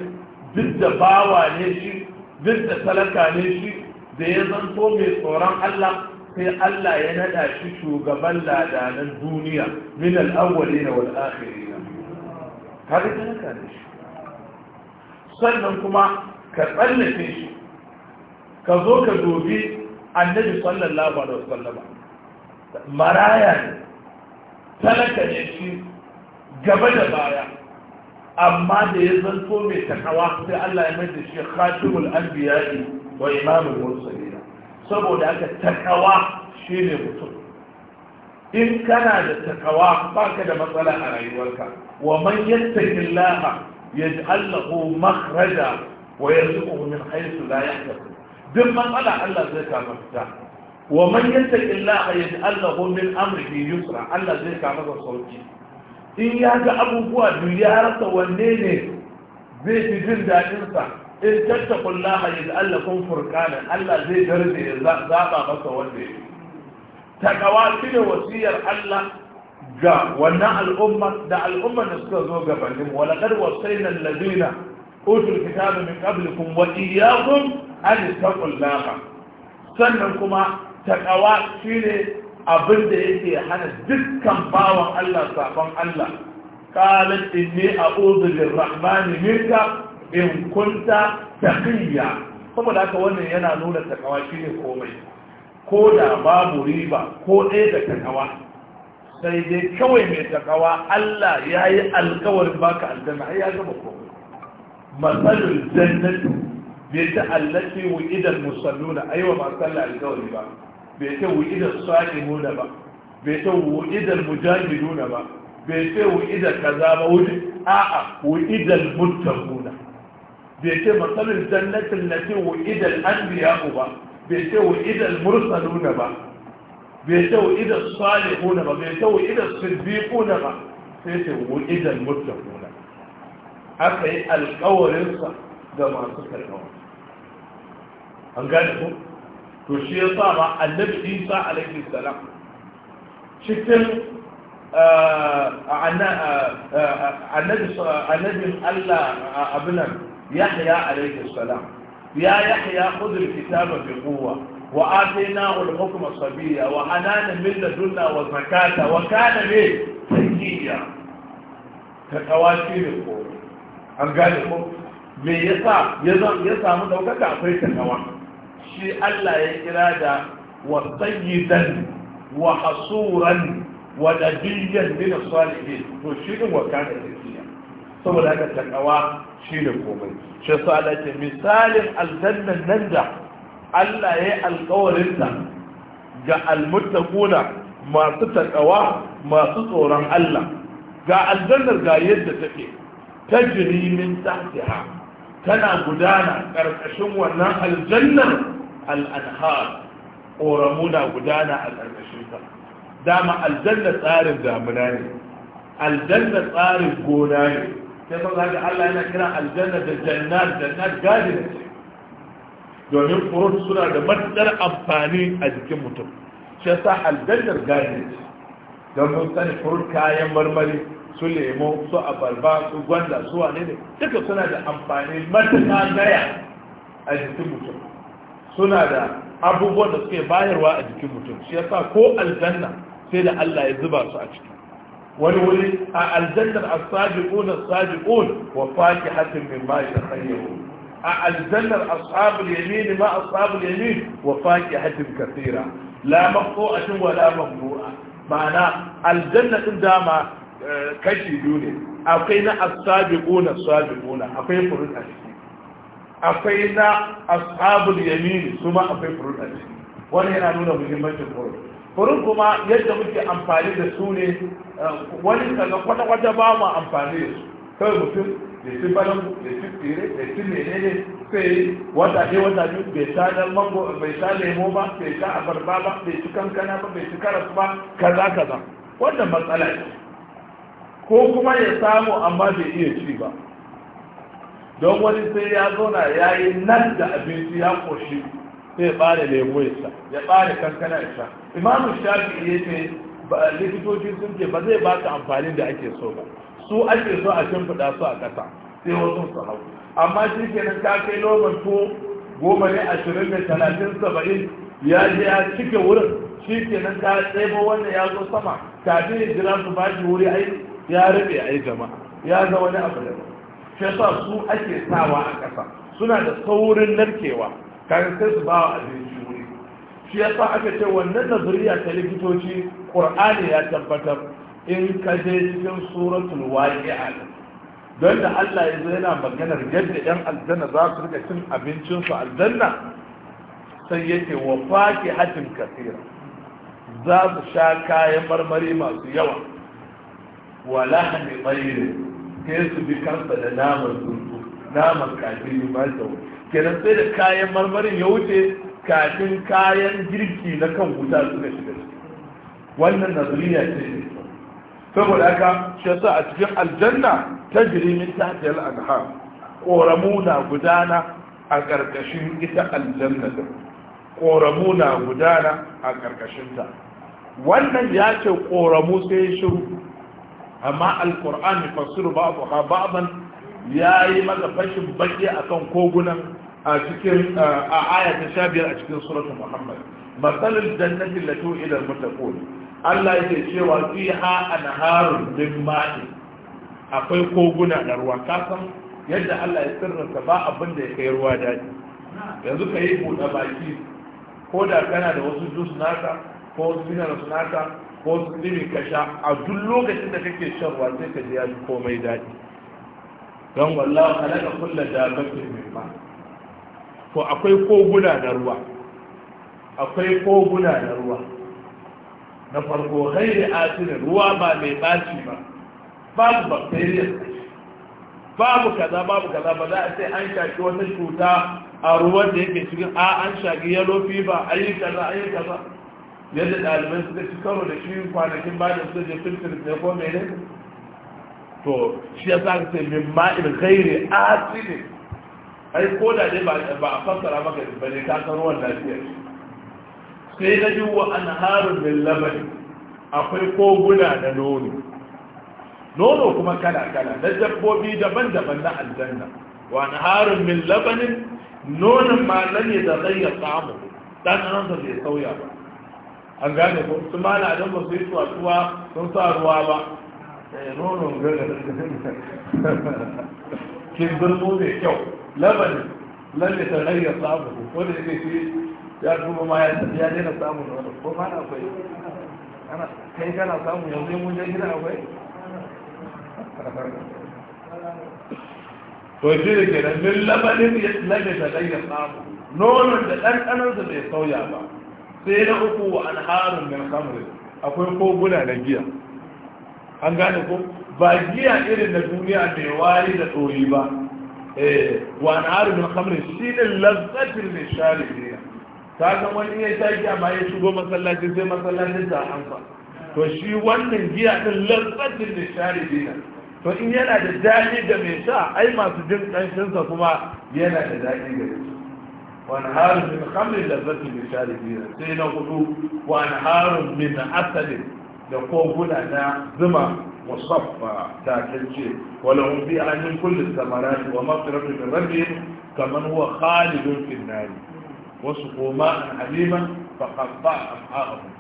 duk da bawa ne shi duk da talaka ne shi da ya zanto mai tsoron Allah sai Allah ya nada shi shugaban ladanan duniya min al-awwalin wal akhirin har da naka shi sannan kuma ka tsallake shi ka zo ka dobi annabi sallallahu alaihi wasallam maraya ne talaka ne shi gaba da baya amma da ya zanto mai takawa sai Allah ya mai da shi khatimul anbiya'i wa imamul mursalin saboda haka takawa shi ne mutum in kana da takawa baka da matsala a rayuwarka wa man yattaqillaha yaj'al lahu makhraja wa yarzuquhu min haythu la yahtasib duk matsala Allah zai kama fita wa man yattaqillaha yaj'al lahu min amrihi yusra Allah zai kama masa sauki in ya ga abubuwa duk ya rasa wanne ne zai fi jin daɗinsa in tattakun laha yi allakun furkanin allah zai garbe ya zaɓa masa wanda ya takawa shi ne wasiyar allah ga wannan al'umma da al'umma da suka zo gabanin walakar wasainan ladina utul kitabu min qablikum wa iyyakum an taqullaha sannan kuma takawa shine abin da yake hana dukkan bawan Allah sabon Allah qalat inni a'udhu birrahmani minka in kunta taqiyya saboda haka wannan yana nuna takawa shine komai ko da babu riba ko ɗaya da takawa sai dai kawai mai takawa Allah ya yi alkawarin baka aljanna ai ya gama komai masalul jannatu bai ta allati wu'idan musalluna aiwa ba sallah alkawari ba bai ta wu'idan nuna ba bai ta wu'idan mujahiduna ba bai ta wu'idan kaza ba wuce a'a wu'idan muttaquna bai ce matsalin jannatin na ce wa idan an biya ba bai ce wa idal mursaluna ba bai ce wa idal salihuna ba bai ce wa idal siddiquna ba sai ce wa idal muttaquna aka yi alƙawarinsa ga masu karkawar. an gane ku? to shi ya sa ma annabi isa alaihi salam cikin annabin allah abinan يحيى عليه السلام يا يحيى خذ الكتاب بقوة وآتيناه الحكم الصبية وحنانا من لدنا وزكاة وكان به تنجية تتواتي للقوة أم قال لكم من يسا يسا يسا من لو كتا أفريت النوع شيء ألا يكرادا وطيدا وحصورا ونبيا من الصالحين وشيء وكان الهدية ثم لك التقوى shine komai shi yasa misalin aljannan nan da Allah ya yi alkawarinta ga almuttaquna masu takawa masu tsoron Allah ga aljannar ga yadda take tajri min tahtiha tana gudana ƙarƙashin wannan aljannar al'anhar. anhar na gudana a ƙarƙashin ta dama aljanna tsarin damuna ne aljanna tsarin gona ne sai ba ga Allah yana kira aljanna da jannat jannat gadin domin furut suna da matsar amfani a jikin mutum shi yasa aljannar gadin don mun sani furut kayan marmari su lemo su abarba su gwanda su wane ne duka suna da amfani matuƙa gaya a jikin mutum suna da abubuwan da suke bayarwa a jikin mutum shi yasa ko aljanna sai da Allah ya zuba su a ciki wani wuri a aljannar as-sabiqun as-sabiqun wa fakihatin mimma yatakhayyarun a aljannar ashabul yamin ma a ashabul yamin wa fakihatin kathira la maqtu'atin wa la mamnu'a ma'ana aljanna din dama eh, kashi biyu ne akwai na as-sabiqun as-sabiqun akwai furut a ciki akwai na a ashabul yamin su ma akwai furut a ciki wannan yana nuna muhimmancin furut furin kuma yadda muke amfani da su ne eh, wani daga kwata-kwata ba mu amfani da su kawai mutum da ci balangu da ci tsire da ci menene sai wata ne wata ne bai ta dan mango bai sha lemo ba bai ta abarba ba bai ci kankana ba bai ci karas ba kaza kaza wannan matsala ce ko kuma ya samu amma bai iya ci ba don wani sai ya zauna ya yi nan da abinci ya koshi sai ya bare lemo ya sha ya bare kankana ya sha imam shafi ya ce likitoci sun ce ba zai baka amfani da ake so ba su ake so a shimfiɗa su a kasa sai wasu su hau amma shi nan ta kai noman to goma ne ashirin da talatin saba'in ya je ya cike wurin shi nan ta tsebo wannan ya zo sama kafin ya jira su ba wuri ai ya rabe yi jama'a ya zama wani abu da shi su ake sawa a kasa suna da saurin narkewa kan sai su bawa wa abinci shi sa aka ce wannan nazariya ta likitoci ƙur'ani ya tabbatar in ka je cikin suratul waqi'a don da Allah ya zo yana maganar yadda yan aljanna za su rika cin abincin su aljanna sai yake wa faqihatin kasira za su sha kayan marmari masu yawa wa lahani tayr sai su bi kansa da naman tsuntsu naman kaji ma sau kenan sai da kayan marmarin ya wuce kafin kayan girki na kan wuta suka shiga wannan nazariya ce saboda haka shi yasa a cikin aljanna ta jirimin ta hajjiyar anhar ƙoramu na gudana a ƙarƙashin ita aljanna da ƙoramu na gudana a ƙarƙashinta wannan ya ce ƙoramu sai shiru amma Alƙur'ani fassiru ba ha ba'dan ya yi maza fashin baki akan kogunan a cikin a aya ta sha biyar a cikin suratul muhammad matsalin jannatin da tu idan mutakun allah yake cewa fi ha min ma'i akwai koguna da ruwa ka san yadda allah ya sirrinsa ba abin da ya kai ruwa daji yanzu ka yi buɗe baki ko da kana da wasu jus naka ko wasu minerals naka ko wasu ka sha a duk lokacin da kake shan ruwa sai ka ji ya komai daɗi don wallahu halaka kulla dabatin min ma'i to akwai koguna na ruwa akwai koguna na ruwa na farko ghairi asini ruwa ba mai baci ba babu bakteriya babu kaza babu kaza ba za a ce an shaki wata cuta a ruwan da yake cikin a an shaki yalo fever ayi yi kaza ayi yi kaza yadda ɗalibai suka ci karo da shi kwanakin bayan suka je filters ne ko mene to shi ya sa ka ce min ma'in gairi asini ai ko da dai ba a fassara maka ba ne ka san ruwan lafiyar sai na ji wa anharun min labani akwai koguna da nono nono kuma kala kala na dabbobi daban-daban na aljanna wa anharun min labanin nonon ma na ne da zai ya samu dan nan bai sauya ba an gane ko su ma na don ba su yi tuwa sun sa ruwa ba eh, nonon gagara kin zurmo mai kyau laban lalle ta rayya samu ko da yake shi ya kuma ma ya daina samu da ko ma na akwai ana kai kana samu yanzu mun je gida akwai to shi da ke nan min labanin lalle ta rayya samu nonon da ɗanɗanarsa bai sauya ba sai na uku wa alharin min kamar akwai koguna na giya an gane ko ba giya irin na duniya mai wari da tsori ba Eh, wa na harin hamrin shi ne lazzatin mai share ne ta ga wani ya taki amma ya shigo masallaci sai masallacin ta hanfa to shi wannan giya din lazzatin mai share ne to in yana da daɗi da mai sha ai masu jin ƙanshinsa kuma yana da daɗi da shi wani harin min hamrin lazzatin mai share ne sai na hudu wani harin min asalin da koguna na zuma وصفى تاكلتي ولهم فيها من كل الثمرات ومغفرة من ربهم كمن هو خالد في النار وسقوا ماء حليما فقطع أمعاءهم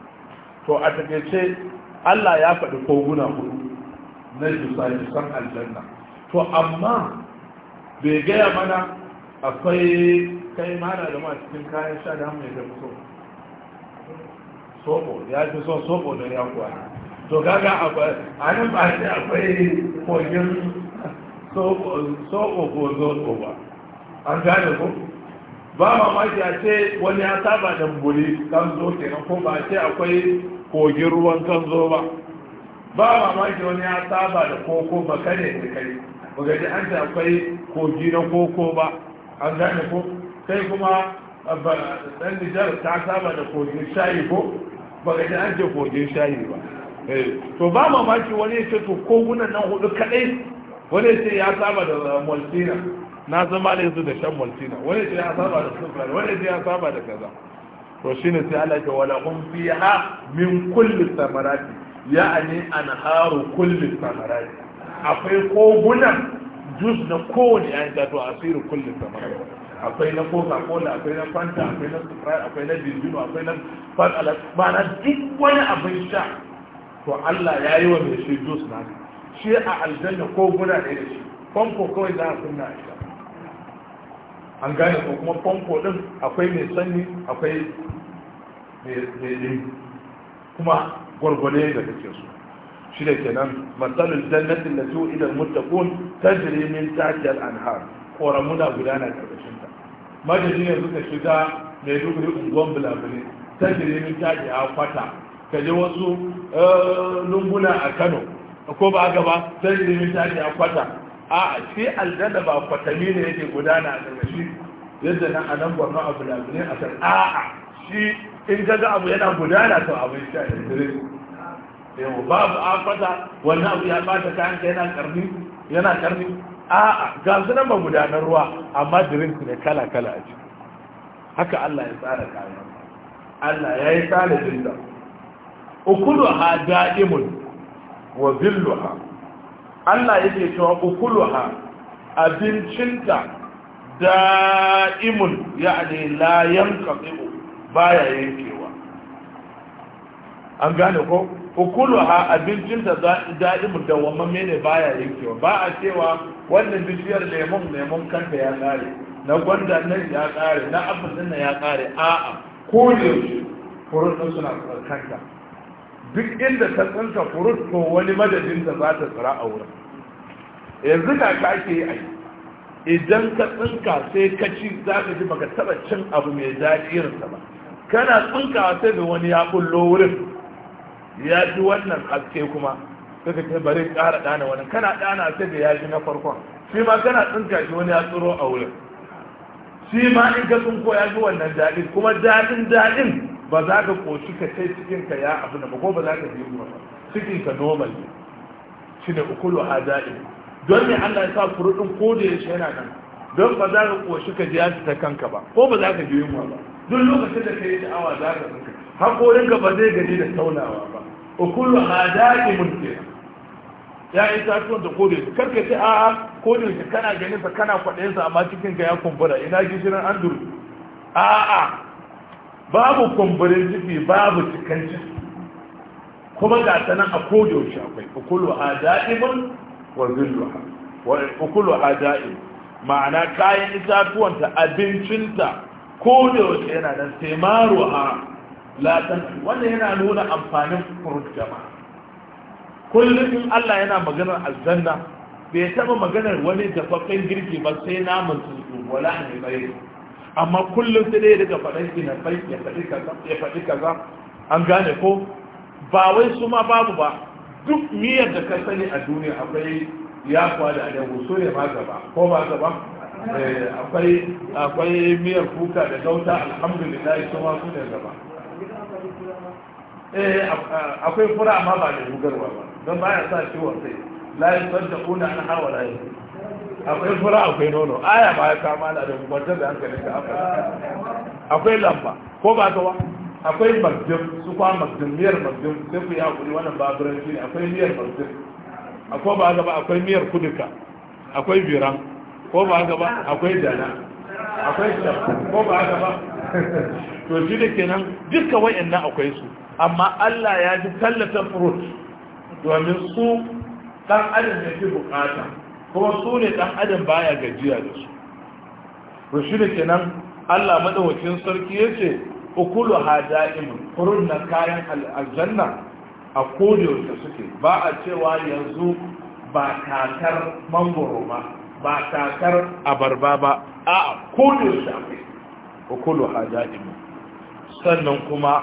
فأتكلتي الله يفعل قومنا قلوب نجد صاحب الجنة فأما بيجي منا akwai kai mara da ma cikin kayan sha da mai da so sobo ya fi son sobo da ya kuwa to kaga a nan ba shi akwai kogin soko ko zoto ba an gane ko ba mamaki a ce wani ya saba da buli kan zo kenan ko ba shi ce akwai kogin ruwan kan zo ba ba mamaki wani ya saba da koko ba kare da kare ba gaji an ce akwai kogi na koko ba an gane ko sai kuma dan nijar ta saba da kogin shayi ko ba gaji an ce kogin shayi ba Eh, to ba mamaki wani ya ce to kogunan nan hudu kadai wani ya ce ya saba da uh, maltina na zama da yanzu da shan maltina wani ya ce ya saba da sufari wani ya ce ya saba da kaza to shine sai Allah ya wala hum fiha min kulli samarati ya'ani anharu kulli samarati akwai kogunan jus na kowane ya ta to asiru kulli samarati akwai na coca cola akwai na fanta akwai na sprite akwai na jinjino akwai na fat ala ba na duk wani abin sha to Allah ya yi wa mai shi jus na shi a aljanna ko guda ne da shi famfo kawai za a kunna a ita an gane ko kuma famfo ɗin akwai mai sanyi akwai mai yi kuma gwargwale da kake so shi da ke nan, matsalin jannatin da su idan mutakun tajiri min takiyar anhar koramuna gudana karkashin ta madadi ne suka shiga mai dubu dubri unguwan bulabule tajiri min takiyar kwata ka ji wasu eh, lunguna a kano ko ba ga ba sai ilimin tashi a kwata a shi aljanna ba kwatami ne yake gudana a ƙarƙashi yadda a nan gwamna abu da abu ne a a a'a shi in ka ga abu yana gudana to abin sha da dire yau babu a kwata wannan abu ya bata kayan ka yana karni yana karni a'a ga su nan ba gudanar ruwa amma drink ne kala kala a ciki haka Allah ya tsara kayan Allah ya yi tsara jirgin ukuluha da'imun wa zilluha Allah yake cewa ukuluha abincinta da'imun ya'ani la yanqati baya yankewa an gane ko ukuluha abincinta da'imun da wamamme mene baya yankewa ba a cewa wannan bishiyar lemon lemon kanta ya tsare na gwanda nan ya tsare na abin nan ya tsare a'a ko yaushe furin suna kanta duk inda ta tsinka furut ko wani madadin da za ta tsira a wurin yanzu ka ka ke yi ai idan ka tsinka sai ka ci za ka ji baka taba cin abu mai daɗi irinsa ba kana tsinka sai da wani ya bullo wurin ya ji wannan haske kuma suka ce bari ƙara ɗana wani kana ɗana sai da ya ji na farkon shi ma kana tsinka shi wani ya tsiro a wurin shi ma in ka tsinko ya ji wannan daɗin kuma daɗin daɗin ba za ka koshi ka kai cikin ka ya abu ba ko ba za ka je ruwa ba cikin ka normal ne shi da ukulu hada'in don ne Allah ya sa furudin ko da yake yana nan don ba za ka koshi ka ji ta kanka ba ko ba za ka je ruwa ba duk lokacin da ka yi za ka tsinka ka ba zai gani da taunawa ba ukulu mun kenan ya yi tatuwan da kodin su karka ce a'a kodin su kana ganin sa kana kwaɗayin sa amma cikin ga ya kumbura ina gishirin an duru a'a babu kumburin ciki babu cikin ciki kuma ga sanan a kodayaushe akwai ukulu a da'imun wa zilluha wa ukulu a da'im ma'ana kayan itatuwanta abincinta kodayaushe yana nan sai maru a latan wanda yana nuna amfanin furut jama'a kullum in Allah yana maganar aljanna bai taɓa maganar wani dafaffen girki ba sai namun tsuntsu wala ne bai amma kullum sai dai daga faɗin ginafai ya faɗi ya faɗi kaza an gane ko ba wai su ma babu ba duk miyar da ka sani a duniya akwai ya kwada da yau so ne ma gaba ko ba gaba eh, akwai akwai miyar kuka da gauta alhamdulillah su ma su ne gaba eh, akwai fura amma ba da gugarwa ba don ba ya sa ciwon sai la yusaddaquna an wa la yusaddaquna akwai fura akwai nono aya ba ya kama na da gubatar da ta afirka akwai lamba ko ba ta wa akwai magdum su kwa magdum miyar magdum sai ku yi hakuri wannan ba shi ne akwai miyar magdum akwai ba gaba akwai miyar kuduka akwai biran ko ba gaba akwai dana akwai shaf ko ba gaba to shi da kenan duka wayannan akwai su amma Allah ya ji tallata furut domin su dan adam ya fi bukata kuma su ne ɗan adam baya gajiya da su to shi da kenan Allah madawacin sarki ya ce ukulu ha da'imun kurun na kayan aljanna a kodiyarsa suke ba a cewa yanzu ba takar mangoro ba ba takar abarba ba a kodiyarsa akwai ukulu ha da'imun sannan kuma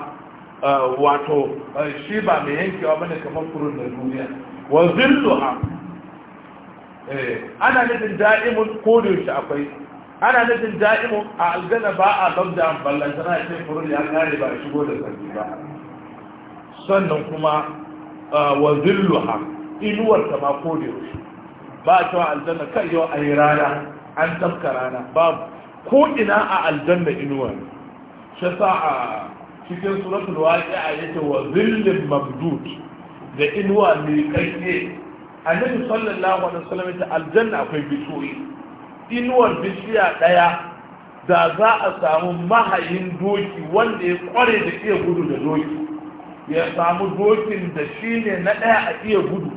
uh, wato uh, shi ba mai yankewa bane kamar kurun na duniya wa zilluha Eh, ana nufin da'imun ko akwai ana nufin da'imun a aljanna ba a babda ballan tana ce furul ya kare ba a shigo da sarki ba sannan kuma wa zilluha inuwar ta ma ko da yaushe ba a cewa aljanna kan yau a yi rana an tafka rana Ba ko ina a aljanna inuwa ne shi sa a cikin suratul waqi'a yake wa zillin mamdud da inuwa mai kaiye annabi sallallahu alaihi wasallam ta aljanna akwai bishiyoyi inuwar bishiya daya da za a samu mahayin doki wanda ya kware da iya gudu da doki ya samu dokin da shi ne na daya a iya gudu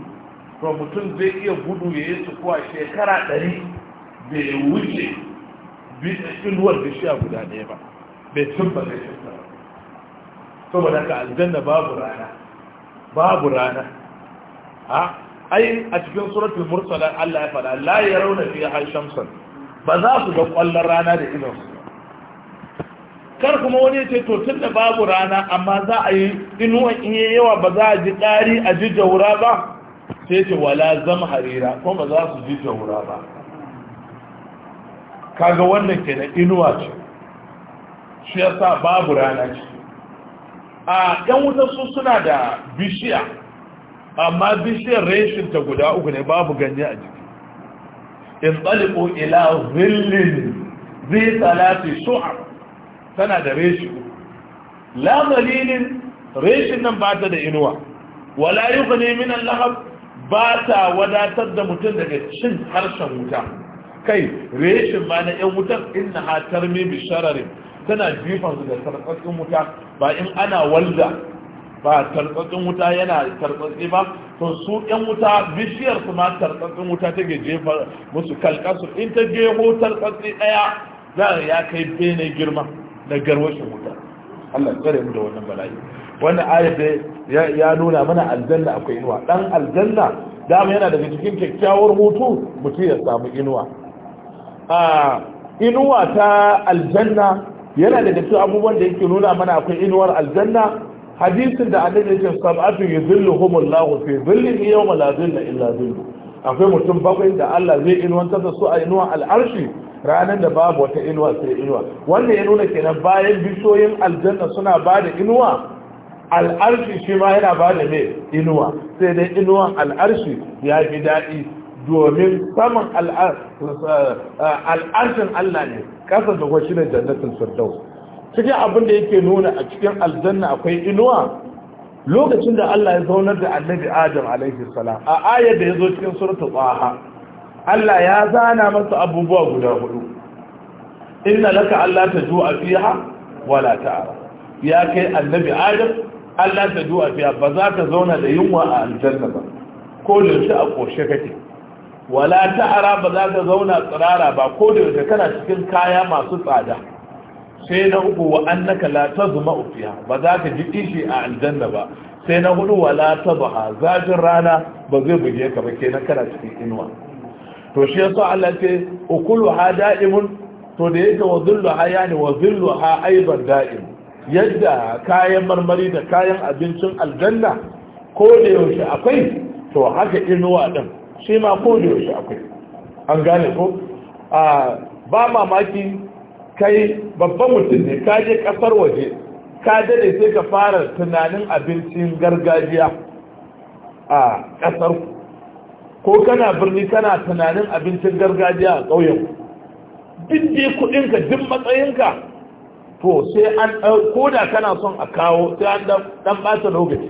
to mutum zai iya gudu ya yi sukuwa shekara ɗari da ya wuce inuwar bishiya guda ɗaya ba bai cimba da shi saboda ka aljanna babu rana babu rana ha ai a cikin suratul mursalat Allah ya faɗa la yarawna fiha shamsan ba za su ga kwallon rana da idan kar kuma wani ce to tun da babu rana amma za a yi inuwan in yi yawa ba za a ji ɗari a ji jaura ba sai ce wala zama harira kuma ba za su ji jaura ba kaga wannan kenan inuwa ce shi yasa babu rana ce a yan wutar su suna da bishiya amma bishiyar reshinta guda uku ne babu ganye a jiki in tsaliko ila zillin zai talati su'ar tana da reshi la reshin nan ba ta da inuwa wala yi ne min lahab ba ta wadatar da mutum daga cin harshen wuta kai reshin ba na yan wutan inna hatar mai bishararin tana jifan da sarƙaƙin wuta ba in ana walda ba tartsatsin wuta yana tartsatsi ba to su yan wuta bishiyar su ma tartsatsin wuta take jefa musu kalkasu in ta jeho tartsatsi daya za ya kai bene girma da garwashin wuta Allah tsare mu da wannan bala'i wannan ayat ya nuna mana aljanna akwai inuwa dan aljanna dama yana daga cikin kyakkyawar hutu mutum ya samu inuwa inuwa ta aljanna yana daga cikin abubuwan da yake nuna mana akwai inuwar aljanna hadisin da annabi yake sab'atu yuzilluhumullahu fi dhillihi yawma la dhilla illa dhillu akwai mutum bakwai da Allah zai inuwantar da su a inuwa al'arshi ranar da babu wata inuwa sai inuwa wannan ya nuna kenan bayan bishiyoyin aljanna suna ba da inuwa al'arshi shi ma yana ba da mai inuwa sai dai inuwan al'arshi ya fi daɗi domin saman al'arshin Allah ne ƙasa da kwashi ne jannatin firdaus cikin abin da yake nuna a cikin aljanna akwai inuwa lokacin da Allah ya zaunar da annabi Adam alaihi salam a ayar da ya zo cikin suratu tsaha Allah ya zana masa abubuwa guda hudu inna laka Allah ta ju'a fiha wala ta'ara ya kai annabi Adam Allah ta ju'a fiha ba za ka zauna da yunwa a aljanna ba ko da shi a koshe kake wala ta'ara ba za ka zauna tsirara ba ko da kana cikin kaya masu tsada sai na uku wa annaka la tazma fiha ba za ka ji kishi a aljanna ba sai na hudu wa la tadha zajin rana ba zai buge ka ba kenan kana cikin inuwa to shi yasa Allah ce ukulu ha da'imun to da yake wa zillu ha yani wa zillu ha aiban da'im yadda kayan marmari da kayan abincin aljanna ko da yaushe akwai to haka inuwa din shi ma ko da yaushe akwai an gane ko a ah, ba mamaki kai babban mutum ne ka je kasar waje ka dade sai ka fara tunanin abincin gargajiya a kasar ko kana birni kana tunanin abincin gargajiya a ƙauyen duk dai kuɗinka duk matsayinka to sai an ko da kana son a kawo sai an dan ɓata lokaci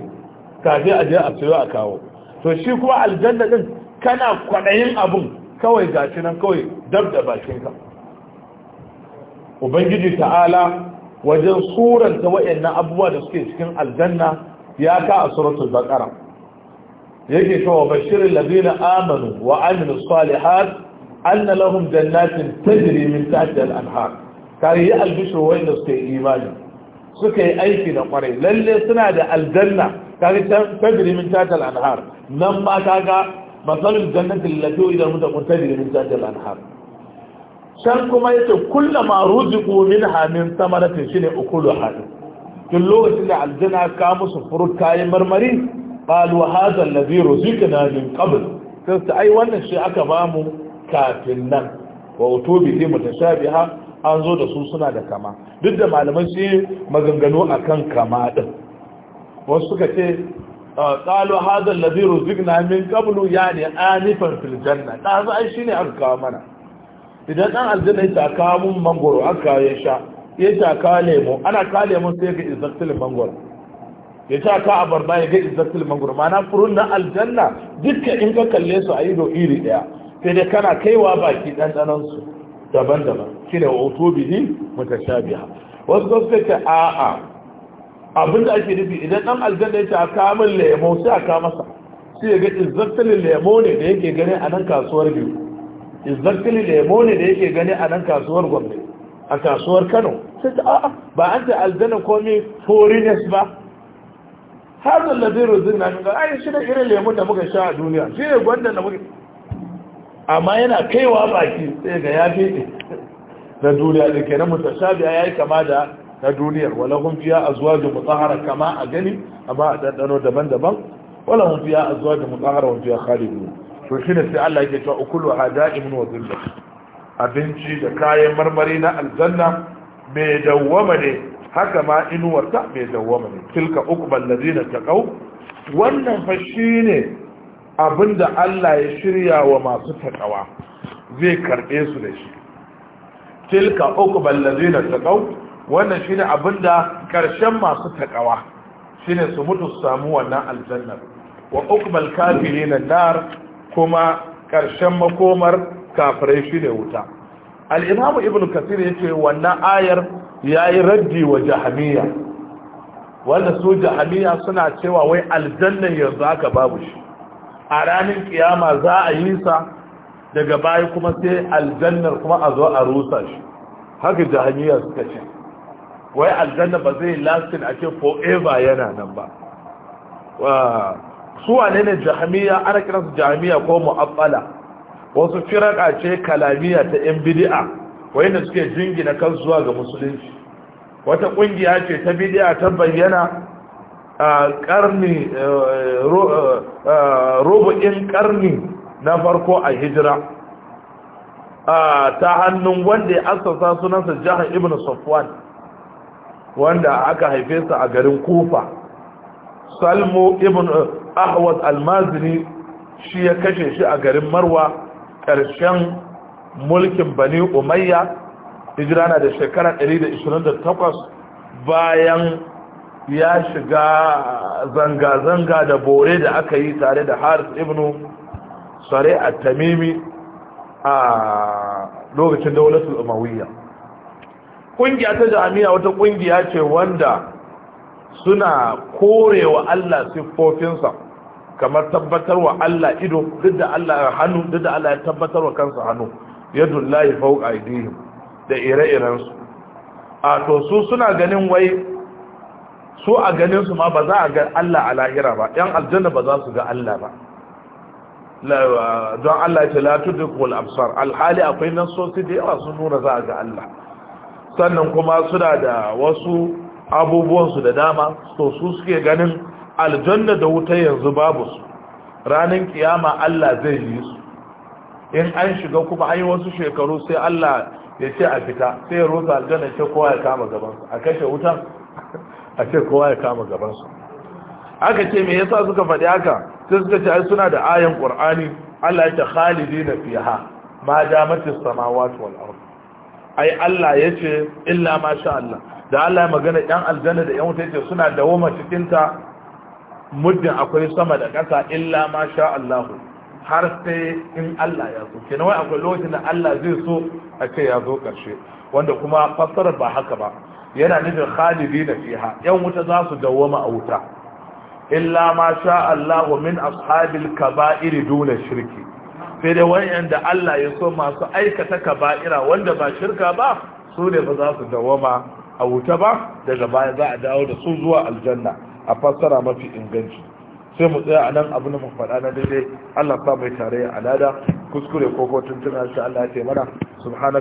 je a je a siyo a kawo to shi kuma aljanna din kana kwaɗayin abun kawai gashi nan kawai dab da bakinka ubangiji ta'ala wajen suranta waɗannan abubuwa da suke cikin aljanna ya ka a suratul baqara yake cewa bashirin ladina amanu wa amilu salihat anna lahum jannatin tajri min tahtiha al-anhar kare ya albishru suke imani suke aiki da kwarai lalle suna da aljanna kare tajri min tahtiha al-anhar nan ma ga masalul jannati allati idan mutakun tajri min tahtiha al-anhar can kuma yace kullama ruziqu minha min samaratin shine ukulu hadu tun lokacin da aljanna ka musu furut kayan marmari qalu hadha alladhi ruziqna min qabl sai ta ai wannan shi aka bamu kafin nan wa utubi bi mutashabiha an zo da su suna da kama duk da malaman shi maganganu akan kama din wasu suka ce qalu hadha alladhi ruziqna min qablu yani anifan fil janna da ai shine aka kawo mana idan ɗan aljanna ya taka mun mangoro aka ya sha ya taka lemo ana ka lemo sai ga izzatul mangoro ya taka abarba ya ga izzatul mangoro mana furun na aljanna dukkan in ka kalle su a ido iri ɗaya sai dai kana kaiwa baki ɗanɗanon su daban-daban shi da wato bihi mutashabiha wasu suka ce a'a abin da ake nufi idan ɗan aljanna ya taka min lemo sai aka masa sai ga izzatul lemo ne da yake gani a nan kasuwar biyu izbakili lemo ne da yake gani a nan kasuwar gwamna a kasuwar kano sai ta a'a ba an ta aljana komi foreigners ba hazan labiru zirna na ga ai shi da irin lemo da muka sha a duniya shi ne gwanda da muka amma yana kaiwa baki sai ga ya fi na duniya da ke na mutashabiya ya yi kama da na duniyar walahun fiya a zuwa da mutahara kama a gani amma a ɗanɗano daban-daban walahun fiya a zuwa da mutahara wani fiya khalidu to shi ne sai Allah yake cewa ukulu hada'imun wa dhulla abinci da kayan marmari na aljanna mai dawwama ne haka ma inuwarta mai dawwama ne tilka uqbal ladina taqaw wannan fa shine abinda Allah ya shirya wa masu takawa zai karbe su da shi tilka uqbal ladina taqaw wannan shine abinda karshen masu takawa shine su mutu su samu wannan aljanna wa uqbal kafirin nar kuma ƙarshen makomar kafirai shi ne wuta al'imamu ibn kasir ya ce wannan ayar ya yi raddi wa jahamiya wanda su jahamiya suna cewa wai aljannan yanzu aka babu shi a ranar kiyama za a yi sa daga baya kuma sai aljannar kuma a zo a rusa shi haka jahamiya suka ce wai aljanna ba zai lastin ake forever yana nan ba su wane ne jahamiya ana su jahamiya ko mu'abbala wasu firaka ce kalamiya ta yan bidi'a wayanda suke jingina kan zuwa ga musulunci wata kungiya ce ta bidi'a ta bayyana karni eh, eh, eh, rubu'in karni na farko a hijira ta hannun wanda ya asasa sunansa jihar ibn safwan wanda aka haife sa a garin kufa salmo ibn uh, ahwaz almazini shi ya kashe shi a garin marwa ƙarshen mulkin bani umayya Ijira na da shekara 128 bayan ya shiga zanga-zanga da bore da aka yi tare da haris ibn sare a tamimi a lokacin daulatul umawiyya ƙungiya ta jami'a wata ƙungiya ce wanda suna korewa Allah siffofinsa kamar tabbatar wa Allah ido duk da Allah hannu duk da Allah ya tabbatar wa kansa hannu yadun layi fauka idihim da ire-irensu a to suna ganin wai su a ganin su ma ba za a ga Allah a lahira ba yan aljanna ba za su ga Allah ba don Allah ce la tudrikul absar alhali akwai nan sosi da yawa sun nuna za a ga Allah sannan kuma suna da wasu abubuwansu da dama to su suke ganin aljanna da wuta yanzu babu su ranar kiyama Allah zai yi su in an shiga kuma an yi wasu shekaru sai Allah ya ce a fita sai ya rusa aljanna ce kowa ya kama gabansu a kashe wutan a ce kowa ya kama gabansu aka ce me yasa suka faɗi haka sai suka ce ai suna da ayan qur'ani Allah ya ce khalidina fiha ma damatis samawati wal ard ai Allah yace illa ma sha Allah da Allah ya magana yan aljanna da yan wuta ce suna dawoma cikin ta muddin akwai sama da ƙasa illa ma sha har sai in Allah ya zo kenan wai akwai lokacin da Allah zai so a ce ya zo karshe wanda kuma fassarar ba haka ba yana nufin khalidi da fiha yan wuta za su dawoma a wuta illa ma sha min ashabil kaba'iri dole shirki sai dai wayanda Allah ya so masu aikata kaba'ira wanda ba shirka ba su ne ba za su dawoma a wuta ba daga baya za a dawo da su zuwa aljanna a fassara mafi inganci sai mu tsaya a nan abin da mu faɗa na daidai Allah ba mai tare ya alada kuskure ko ko tuntuna shi Allah ya ce mana subhanaka